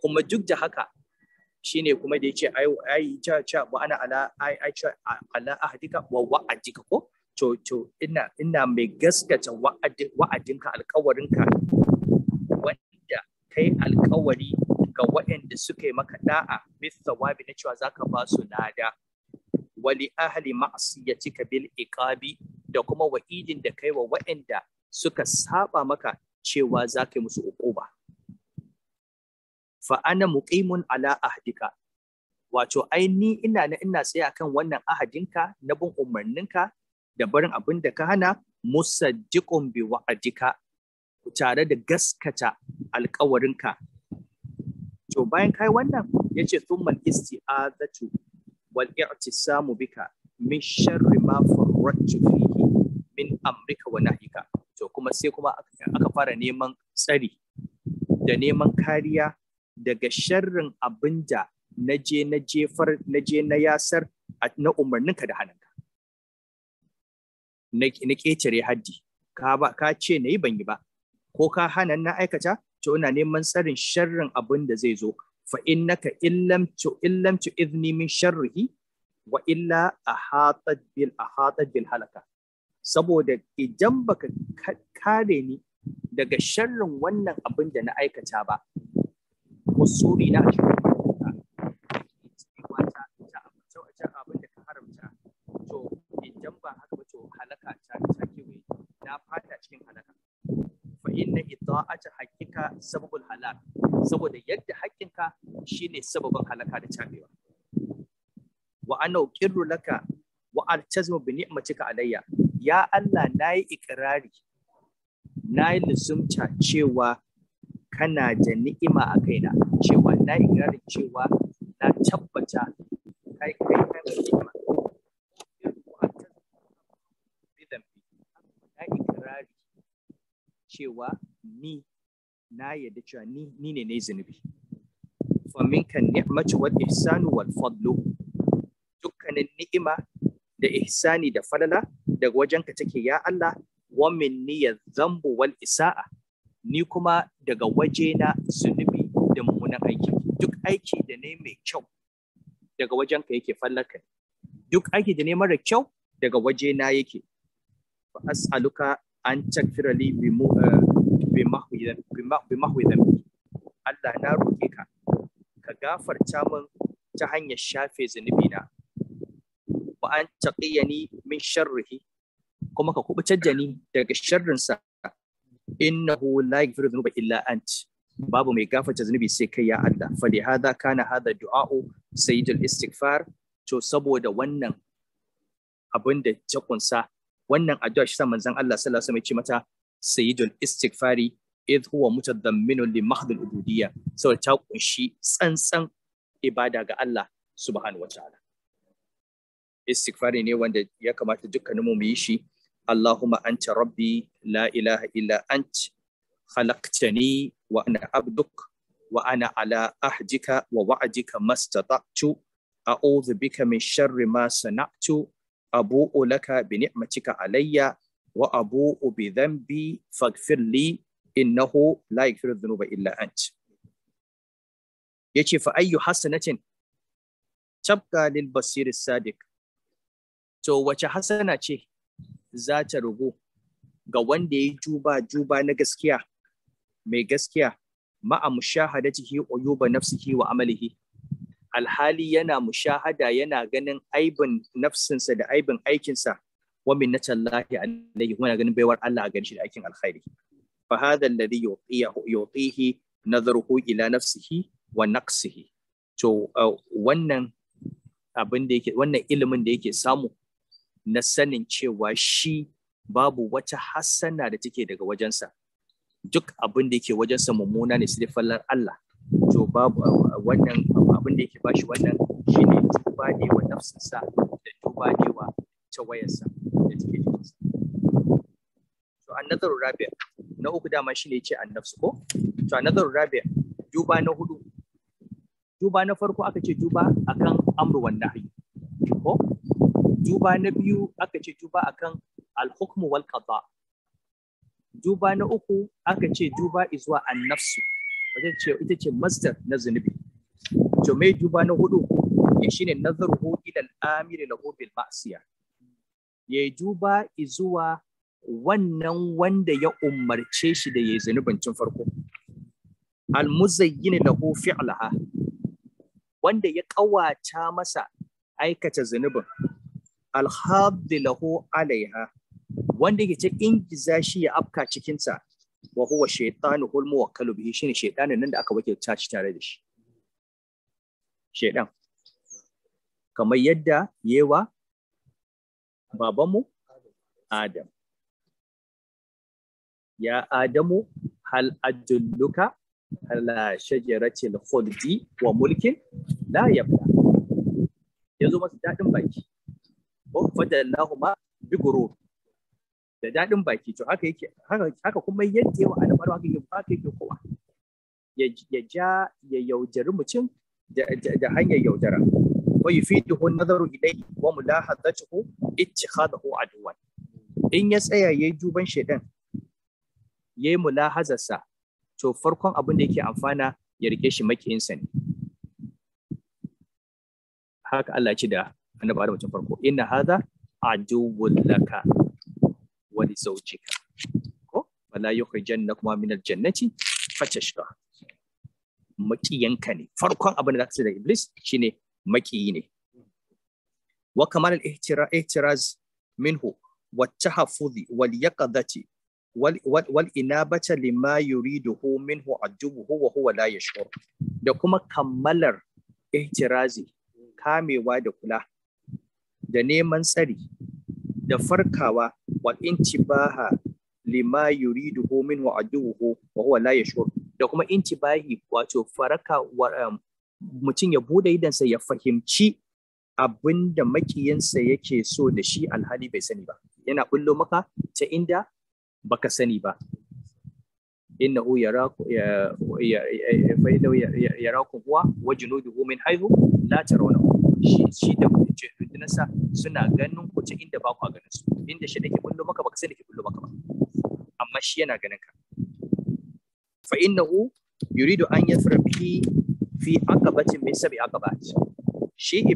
kuma duk da haka shine kuma da yace ai ai cha cha wa ana ala ai ai cha ala ahdika wa wa'adika ko to ina ina mai gaskata wa'adin wa'adinka alkawarinka wanda kai alkawari ga waɗanda suka yi maka da'a bisa wabi na cewa zaka ba su lada wali ahli ma'siyatika bil iqabi da kuma wa'idin da kai wa waɗanda suka saba maka cewa za yi musu uquba fa ana muqimun ala ahdika wato ai ni ina na ina tsaye akan wannan ahadinka na bin umarninka da barin abin da ka hana musaddiqun bi wa'adika tare da gaskata ka. to bayan kai wannan yace a isti'azatu wal i'tisamu bika min sharri ma farratu fihi min amrika wa nahika to kuma sai kuma aka fara neman tsari da neman kariya daga sharrin abinda na je na jefar na je na yasar na umarninka da ka. na ƙetare haddi ka ba ka ce na yi ban yi ba ko ka hana na aikata to ina neman tsarin sharrin abin da zai zo fa innaka illam tu illam tu idni min sharrihi wa illa ahatat bil ahatat bil halaka saboda idan baka kare ni daga sharrin wannan abin da na aikata ba usuri na cikin abin da ka haramta to idan ba ta ta kewaye na fata cikin halaka fa inna ita'ata hakika sababul halak saboda yadda haƙƙinka shine sababin halaka da cabewa wa ana uqirru laka wa altazimu bi ni'matika alayya ya Allah nayi ikrari nayi luzumta cewa kana da ni'ima a kaina cewa na ikrarin cewa na tabbata kai kai kai ni'ima cewa ni na yadda cewa ni ne ne zunubi fa kan ni'matu wal ihsanu wal fadlu dukkanin ni'ima da ihsani da falala daga wajenka take ya Allah wa minni yadhambu wal isa'a ni kuma daga wajena zunubi da mummunan aiki duk aiki da ne mai kyau daga wajenka yake fallaka duk aiki da ne mara kyau daga wajena yake fa as'aluka an takfira li bi mu Allah na roke ka ka gafarta min ta hanyar shafe zunubi na wa an taqiyani min sharrihi kuma ka kubutar da ni daga sharrinsa innahu la yaghfiru dhunuba illa ant babu mai gafarta zunubi sai kai ya Allah fa li hadha kana hadha du'a'u sayyidul istighfar to saboda wannan abin da ta kunsa wannan addu'a shi sa manzon Allah sallallahu alaihi wasallam ya ce mata sayyidul istighfari id huwa mutadamminun li mahdul ubudiyya saboda ta kunshi tsantsan ibada ga Allah subhanahu wataala istighfari ne wanda ya kamata dukkaninmu mu yi shi Allahumma anta rabbi la ilaha illa ant khalaqtani wa ana abduk wa ana ala ahdika wa wa'dika mastata'tu a'udhu bika min sharri ma sana'tu abu'u laka bi ni'matika alayya wa abu'u bi dhanbi faghfir li innahu la yaghfiru dhunuba illa ant yace fa ayyu hasanatin tabqa lil basir sadiq to wace hasana ce za ta rugo ga wanda ya juba juba na gaskiya mai gaskiya ma'a mushahadatihi uyuba nafsihi wa amalihi alhali yana mushahada yana ganin aibin nafsinsa da aibin aikinsa wa minnatallahi alayhi yana ganin baiwar Allah a ganin shi da aikin alkhairi fa hadha alladhi yuqihi nadruhu ila nafsihi wa naqsihi to uh, wannan abin da yake wannan ilimin da yake samu na sanin cewa shi babu wata hasana da take daga wajensa duk abin da yake wajensa mummuna ne sai fallar Allah to babu uh, wannan abin da yake bashi wannan shi ne tuba ne wa nafsinsa da tuba ne wa ta wayarsa da take jikinsa to annazarun rabia na uku dama shine ce nafsu ko to nazarun rabia duba na hudu duba na farko aka ce duba akan amru wan ko duba na biyu aka ce duba akan al-hukm wal qada duba na uku aka ce duba izuwa an-nafsu wajen ce ita ce master na zunubi jumai duba na hudu ya eh, shine nazaruhu ila al-amiri lahu bil ma'siya ya juba izuwa wannan wanda ya umarce shi da yayi zanubin cin farko al-muzayyin lahu fi'laha wanda ya kawata masa aikata zanubin al hadd lahu alaiha wanda ke ta ingiza shi ya afka cikinsa wa huwa shaytanu hulmu muwakkalu bihi shine shaytanin nan da aka wake tashi tare da shi shedan kamar yadda yewa babanmu adam ya adamu hal ajulluka ala shajaratil khuldi wa mulkin la yabla yanzu masa dadin baki ko fadallahuma bi gurur da dadin baki to haka yake haka haka kuma yadda yawa adam haka yake haka yake kowa ya ja ya yaudari mutum da hanyar yaudara wa yufiduhu nazaru ilayhi wa mulahadatuhu ittikhadahu aduwan in ya tsaya yayi duban shedan yayi mulahazarsa to farkon abin da yake amfana ya rike shi makiyinsa ne haka Allah ci da annabi Adam tun farko inna hadha aduwwul laka wa li zawjika ko wala yukhrijannakuma min al-jannati fatashqa maƙiyanka ne farkon abin da za su da iblis shine maƙiyi ne wa kamal ihtiraz minhu wa tahaffuzi wal yaqadati wal inabata lima yuriduhu minhu ajubuhu wa huwa la yashur da kuma kammalar ihtirazi kamewa da kula da neman tsari da farkawa wal intibaha lima yuriduhu minhu ajubuhu wa huwa la yashur da kuma inci bayi wato faraka um, mutum ya bude idansa ya fahimci abin da makiyinsa yake so da shi alhali bai sani ba yana bullo maka ta inda baka sani ba ya yarakum huwa wa junuduhu min haihu la tarawnahu shi shi da jundunansa suna ganin ku ta inda ba ku ganin su inda shi da ke bullo maka baka sani ke bullo maka ba amma shi yana ganin ka فإنه يريد أن an في bihi fi aqabatin min شيء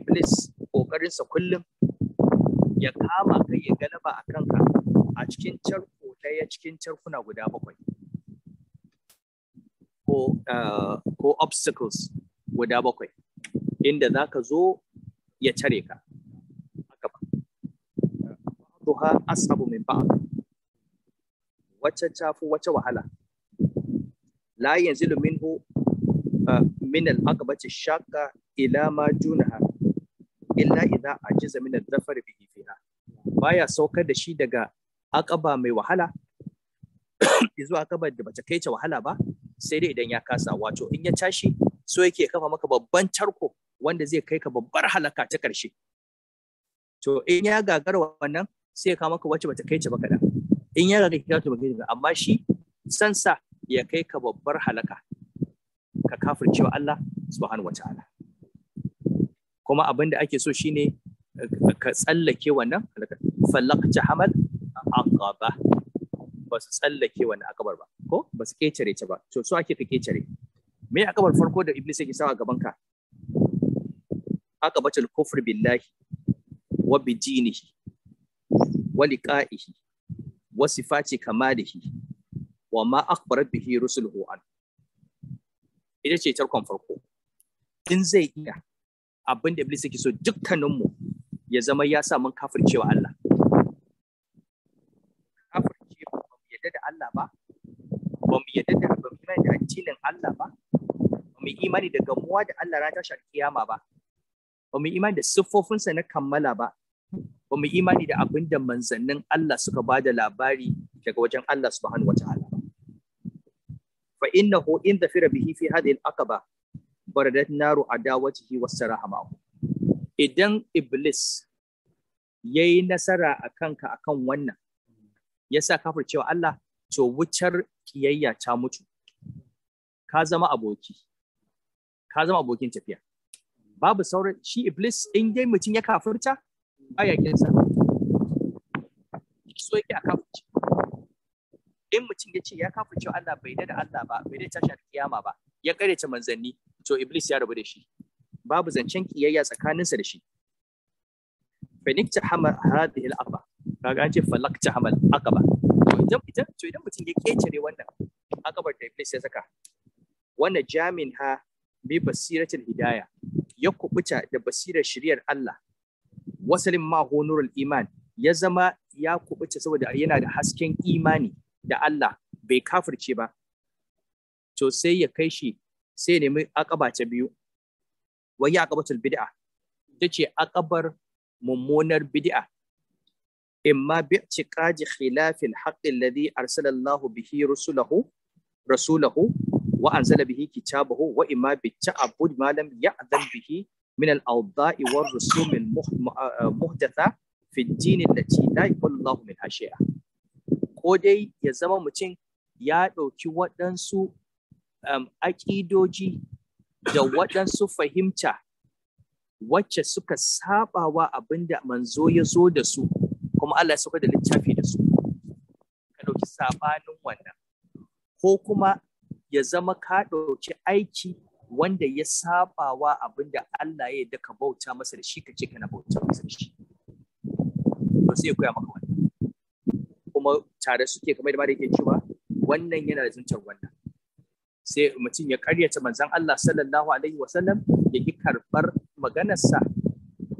إبليس shi iblis ƙoƙarinsa kullum ya kama ka ya galaba a kanka a cikin carko eh, ko obstacles guda bakwai inda za ka zo ya tare ka haka ba duha ashabu min wacce tafi wacce wahala la yanzilu minhu uh, min al-aqbati shaqqa ila ma junaha illa idha ajiza min al-zafar bihi fiha baya saukar da shi daga aqaba mai wahala zuwa aqabar da bata kai ta wahala ba sai dai idan ya kasa wato in ya tashi so yake kafa maka babban tarko wanda zai kai ka babbar halaka ta karshe to in ya gagara wannan sai ya kawo maka wacce bata kai ta ba kada in ya gagara ta bata amma shi sa. ya kai ka babbar halaka ka kafircewa Allah subhanahu wataala kuma abin da ake so shine eh, ka tsallake wannan halaka falaqta hamal aqaba ba su tsallake wannan akabar ba ko ba su kecere ta ba to so ake ka kecere me akabar farko da iblis yake sawa gaban ka akabatul kufr billahi wa bi dinihi wa liqa'ihi wa sifati kamalihi wa ma akhbarat bihi rusuluhu an ita ce tarkon farko in zai iya abin da iblis yake so dukkaninmu ya zama ya sa mun kafircewa Allah kafirce ba mu yadda da Allah ba ba mu yadda da ba mu imani da addinin Allah ba ba mu imani da gamuwa da Allah ranar tashar kiyama ba ba mu imani da siffofinsa na kammala ba ba mu imani da abin da manzannin Allah suka ba da labari daga wajen Allah subhanahu wa ta'ala fa innahu in dhafira bihi fi hadhihi al a baradat naru adawatihi wasaraha ma'ahu idan iblis yayi nasara akan ka akan wannan yasa kafircewa Allah to wucar kiyayya ta mutu ka zama abokin tafiya babu sauran shi iblis in dai mutum ya kafirta baya kinsa so yake a kafirci in mutum ya ce ya kafa cewa Allah bai da Allah ba bai da tashi kiyama ba ya karyace manzanni to iblis ya rabu da shi babu zancen kiyayya tsakaninsa da shi fanikta hamar hadhihi al aqba kaga an ce falakta hamal aqba to idan idan to idan mutum ya kecere wannan aqabar da iblis ya saka wannan jamin ha bi basiratul hidaya ya kubuta da basirar shiriyar Allah wasalin ma hunurul iman ya zama ya kubuta saboda yana da hasken imani da Allah bai kafirce ba to sai ya kai shi sai ya nemi akaba ta biyu wai akabatul bid'a ta ce akabar mummunar bid'a imma bi'tiqadi khilafin haqqi alladhi arsalallahu bihi rusulahu rasulahu wa anzala bihi kitabahu wa imma bi'ta'abbud ma lam ya'dhan bihi من الأوضاع والرسوم المحدثة في الدين التي لا يقول min منها شيئا ko dai ya zama mutum ya ɗauki waɗansu um, aƙidoji da waɗansu fahimta wacce suka sabawa abin da manzo ya zo da su kuma Allah ya da littafi da su ka ɗauki sabanin wannan ko kuma ya zama ka ɗauki aiki wanda ya sabawa abin da Allah ya da ka bauta masa da shi ka ce kana bauta masa da shi sai koya maka kuma tare suke kamar da yake cewa wannan yana da zuntar wannan sai mutum ya karyata manzon Allah sallallahu alaihi wasallam ya ki karbar maganarsa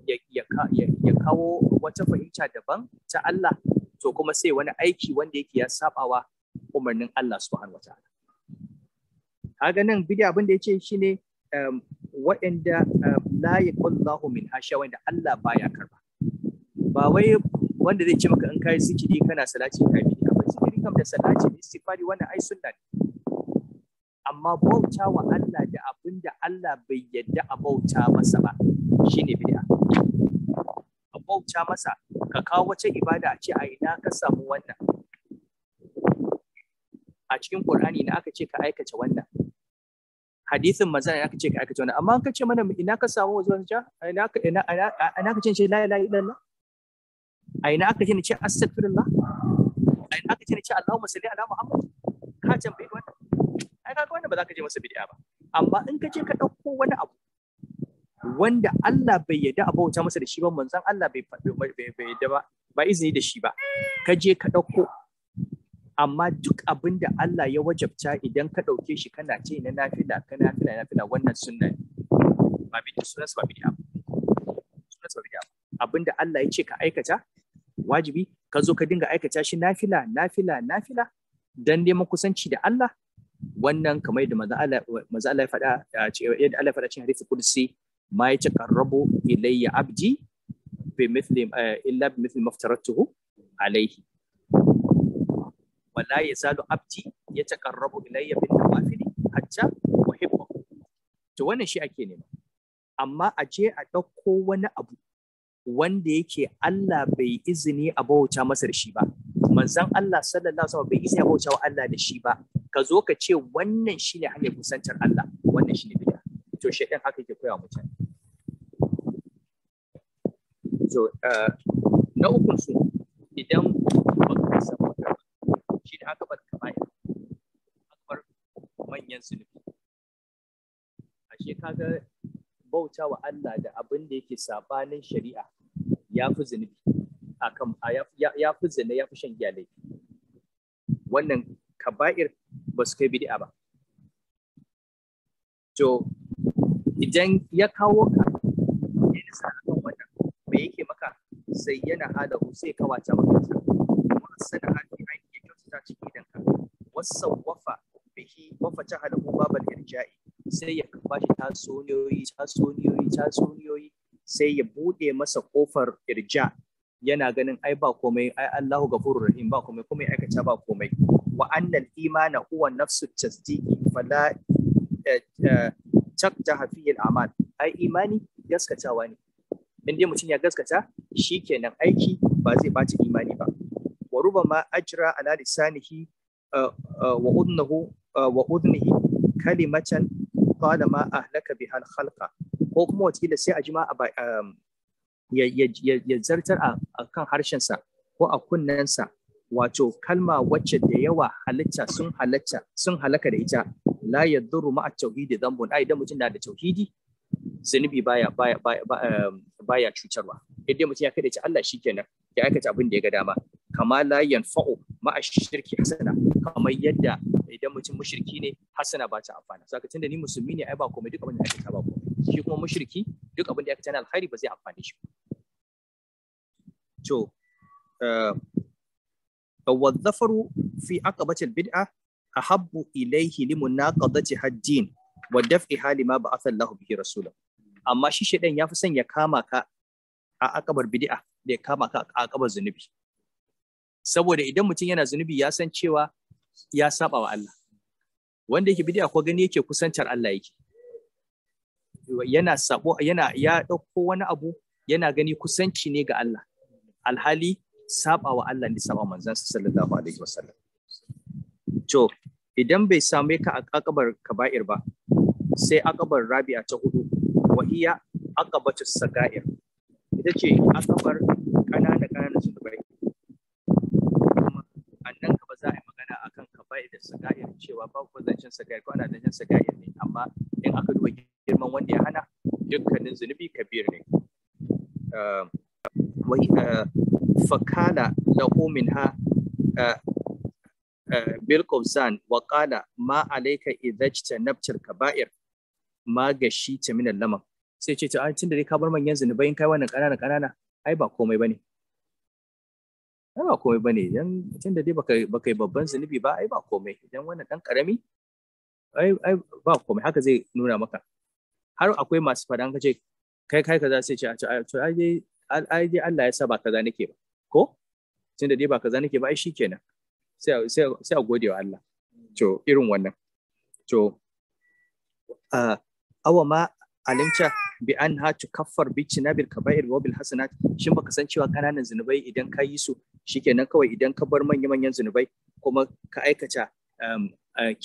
ya kawo wata fahimta daban ta Allah to kuma sai wani aiki wanda yake ya sabawa umarnin Allah subhanahu wataala kaga nan bidi abin da yace shine um, waɗanda um, la yaqullahu min hasha wanda Allah baya karba ba wai wanda zai ce maka in kai zikiri kana salati ka bi amma zikiri kam da salati da istighfari wannan ai sunna ne amma bauta wa Allah da abin da Allah bai yadda a bauta masa ba shine bid'a a bauta masa ka kawo wace ibada a ce a ina ka samu wannan a cikin Qur'ani na aka ce ka aikace wannan hadisin manzon aka ce ka aikace wannan amma an ka ce mana ina ka samu wajen ina ina ina ka ce la ilaha illallah a ina aka ce ni ce astagfirullah a ina aka ce ni ce Allahumma salli ala Muhammad ka tambayi wannan ai kaga wannan ba za ka je masa bid'a ba amma in ka je ka dauko wani abu wanda Allah bai yarda a bauta masa da shi ba manzon Allah bai bai yarda ba ba izini da shi ba ka je ka dauko amma duk abin da Allah ya wajabta idan ka ɗauke shi kana ce na nafila ka nafila nafila wannan sunna ne ba bid'a sunna ba bid'a sunansa ba abin da Allah ya ce ka aikata wajibi ka zo ka dinga aikata shi nafila nafila nafila dan neman kusanci da Allah wannan kamar da maza Allah ya faɗa yadda Allah ya faɗa cikin hadisi kudsi ma ya taqarrabu ilayya abdi bi mithli illa bi mithli maftaratuhu alayhi wala yasalu abdi ya taqarrabu ilayya bi nawafili hatta uhibbu to wannan shi ake nema amma a je a ɗauko wani abu wanda yake Allah bai izini a bauta masa da shi ba manzon Allah sallallahu alaihi wasallam bai izini a bauta wa Allah da shi ba ka zo ka ce wannan shine hanyar kusantar Allah wannan shine bid'a to shedan haka yake koya mutane to eh, na ukun su idan ba ka san ba shi ne aka bar kamar akbar manyan zunubi A shekarar bauta wa Allah da abin da yake sabanin shari'a ya fi zunubi akan ya fi zina ya fi shan giya wannan kaba'ir ba su kai bid'a ba to idan ya kawo ka ya nisa kan wannan me yake maka sai yana hada sai kawace maka ta kuma sana hadi aiki ya kyautata cikin idanka wasan wafa bihi wafa jahala babal irja'i sai ya bashi tatsuniyoyi tatsuniyoyi tatsuniyoyi sai ya buɗe masa ƙofar irja yana ganin ai ba komai ai Allahu gafurur rahim ba komai komai aikata ba komai wa annal imana huwa nafsu tasdiqi fala eh, eh, taktaha fihi al-amal ai imani gaskatawa ne in dai mutum ya gaskata shikenan aiki ba zai bata imani ba wa rubama ajra ala lisanihi eh, wa udnuhu wa udnihi kalimatan qala ma ahlaka bi hal khalqa ko kuma wakila sai a jima um, ya zartar a kan sa ko a sa wato kalma wacce da yawa halitta sun halitta sun halaka da ita la yadurru ma'a tauhidi dhanbun ai da mutum na da tauhidi zunubi baya baya baya um, cutarwa idan mutum ya kada Allah shikenan ya aikata abin da ya ga dama kama la yanfa'u ma'a shirki hasana kamar yadda idan mutum mushriki ne hasana ba ta amfana saka tunda ni musulmi ne ai ba komai duk abin da aikata ba komai shi kuma mushriki duk abin da aikata na alkhairi ba zai amfane shi to والظفر في عقبة البدعة أحب إليه Wa الدين hali ma بعث الله bihi رسوله amma shi shaidan ya fi son ya kama ka a akabar bid'a da ya kama ka a akabar zunubi saboda idan mutum yana zunubi ya san cewa ya saba wa Allah wanda yake bid'a ko gani yake kusantar Allah yake yana sabo yana ya dauko wani abu yana gani kusanci ne ga Allah alhali saba wa Allah ne saba manzon sallallahu alaihi wasallam to idan bai same ka a kabar kaba'ir ba sai akabar rabi'a ta hudu wa iya akabatu sagair ita ce akabar kanana kanana zunubai sagayar cewa babu zancen sagayar ko ana zancen ne amma in aka duba girman wanda ya hana dukkanin zunubi kabir ne ehm, wai eh, fakala lahu minha eh, eh, bilkobzan wa qala ma alayka idajta nabtil kaba'ir ma gashi ta minan sai ce ta tun da dai ka bar manyan zunubai in kai wannan ƙanana ƙanana ai ba komai bane ai ba komai bane idan tun da dai baka baka babban zunubi ba ai ba komai idan wannan dan karami ai ai ba komai haka zai nuna maka har akwai masu fadan kace kai kai kaza sai ce a to ai dai ai dai Allah ya sa ba kaza nake ba ko tun da dai ba kaza nake ba ai shikenan sai sai sai a gode wa Allah to irin wannan to awa ma alimta bi an ha tu kaffar bi cinabil kaba'ir wa bil hasanat shin baka san cewa kananan zunubai idan ka yi su shikenan kawai idan ka bar manyan manyan zunubai kuma ka aikata um,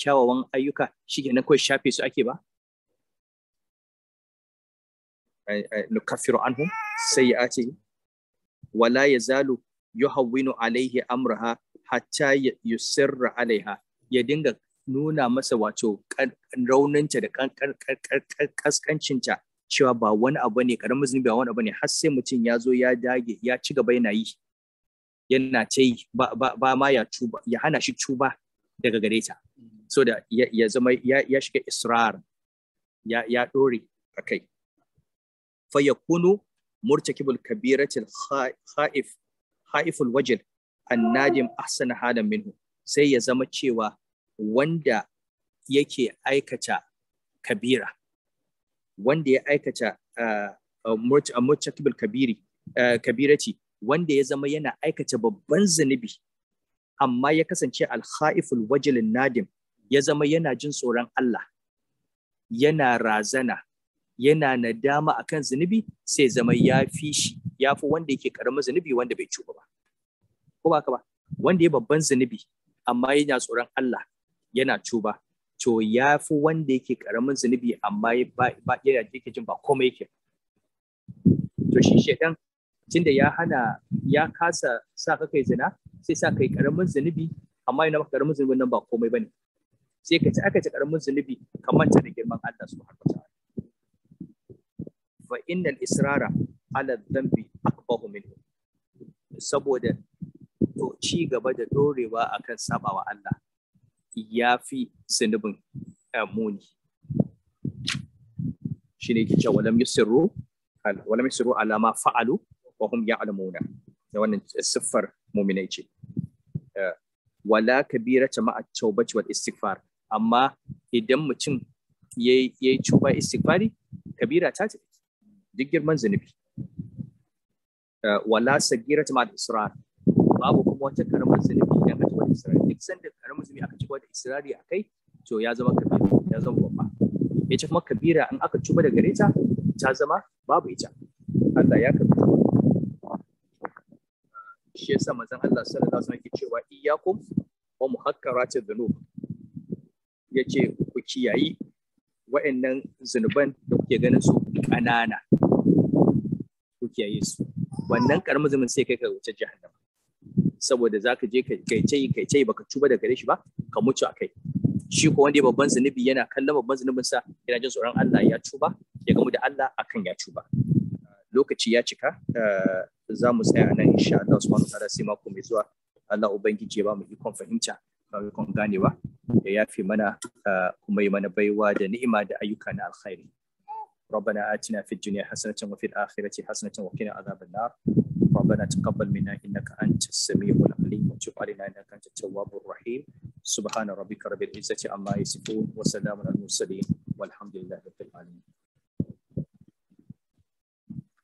kyawawan ayyuka shikenan kawai shafe su ake ba nukaffiru anhum sayyi'ati wala yazalu yuhawwinu alaihi amraha hatta yusirra alaiha ya dinga nuna masa wato rauninta da kaskancinta cewa ba wani abu ne karamin zunubi ba wani abu ne har sai mutum ya zo ya dage ya ci gaba yana yi yana ta yi ba ma ya tuba ya hana shi tuba daga gare ta so da ya zama ya shiga israr ya ya dore kai. fa yakunu murtakibul kabiratil khaif khaiful wajil annadim ahsana hada minhu sai ya zama cewa wanda yake aikata kabira wanda ya aikata uh, uh, murtakibul uh, kabiri kabirati wanda ya zama yana aikata babban zunubi amma ya kasance alhaiful wajilin nadim ya zama yana jin tsoron Allah yana razana yana nadama akan zunubi sai zama ya fi shi ya fi wanda yake karamin zunubi wanda bai cuba ba ko ba ka ba wanda ya babban zunubi amma yana tsoron Allah yana cuba to ya fi wanda yake karamin zunubi amma ba yana yake jin ba komai yake to shi shedan tunda ya hana ya kasa sa ka kai zina sai sa kai karamin zunubi amma yana maka karamin zunubin nan ba komai bane sai ka ci aka ci karamin zunubi ka manta da girman Allah subhanahu ta fa innal israra ala dhanbi akbahu minhu saboda to ci gaba da dorewa akan sabawa Allah ya fi zunubin eh, muni shi ne kice walam yusiru walam yusiru ala ma fa'alu wa hum ya'lamuna da wannan eh, siffar mu'minai ce eh, wala kabirata ma at-taubati wal istighfar amma idan mutum yayi yayi tuba istighfari kabira ta ce duk girman zunubi wala sagirata ma al-israr babu kuma wata karamar zunubi da israri duk sanda karamin zunubi aka ci da israri a kai to ya zama kabira ya zama babba ya ce kuma kabira in aka cuba da gare ta ta zama babu ita Allah ya kabita shi yasa mazan Allah sallallahu alaihi wasallam yake cewa iyyakum wa muhakkaratiz dhunub yace ku kiyayi wa'annan zunuban da kuke ganin su ƙanana ku kiyaye su wannan karamin zunubin sai kai ka wuce jahannam saboda za ka je kai ce kai ce baka tuba daga gare shi ba ka mutu a kai. shi ko wanda babban zunubi yana kallon babban zunubin sa yana jin tsoron Allah ya tuba ya gamu da Allah akan ya tuba lokaci ya cika eh, za mu tsaya nan insha Allah subhanahu ta'ala sai mako mai zuwa Allah ubangiji ya ba mu ikon fahimta ba mu ikon ganewa ya yafe mana eh, kuma yi mana baiwa da ni'ima da ayyuka na alkhairi ربنا آتنا في الدنيا حسنة وفي الآخرة حسنة وقنا عذاب النار ربنا تقبل منا إنك أنت السميع العليم وتب علينا إنك أنت التواب الرحيم سبحان ربك رب العزة عما يصفون وسلام على المرسلين والحمد لله رب العالمين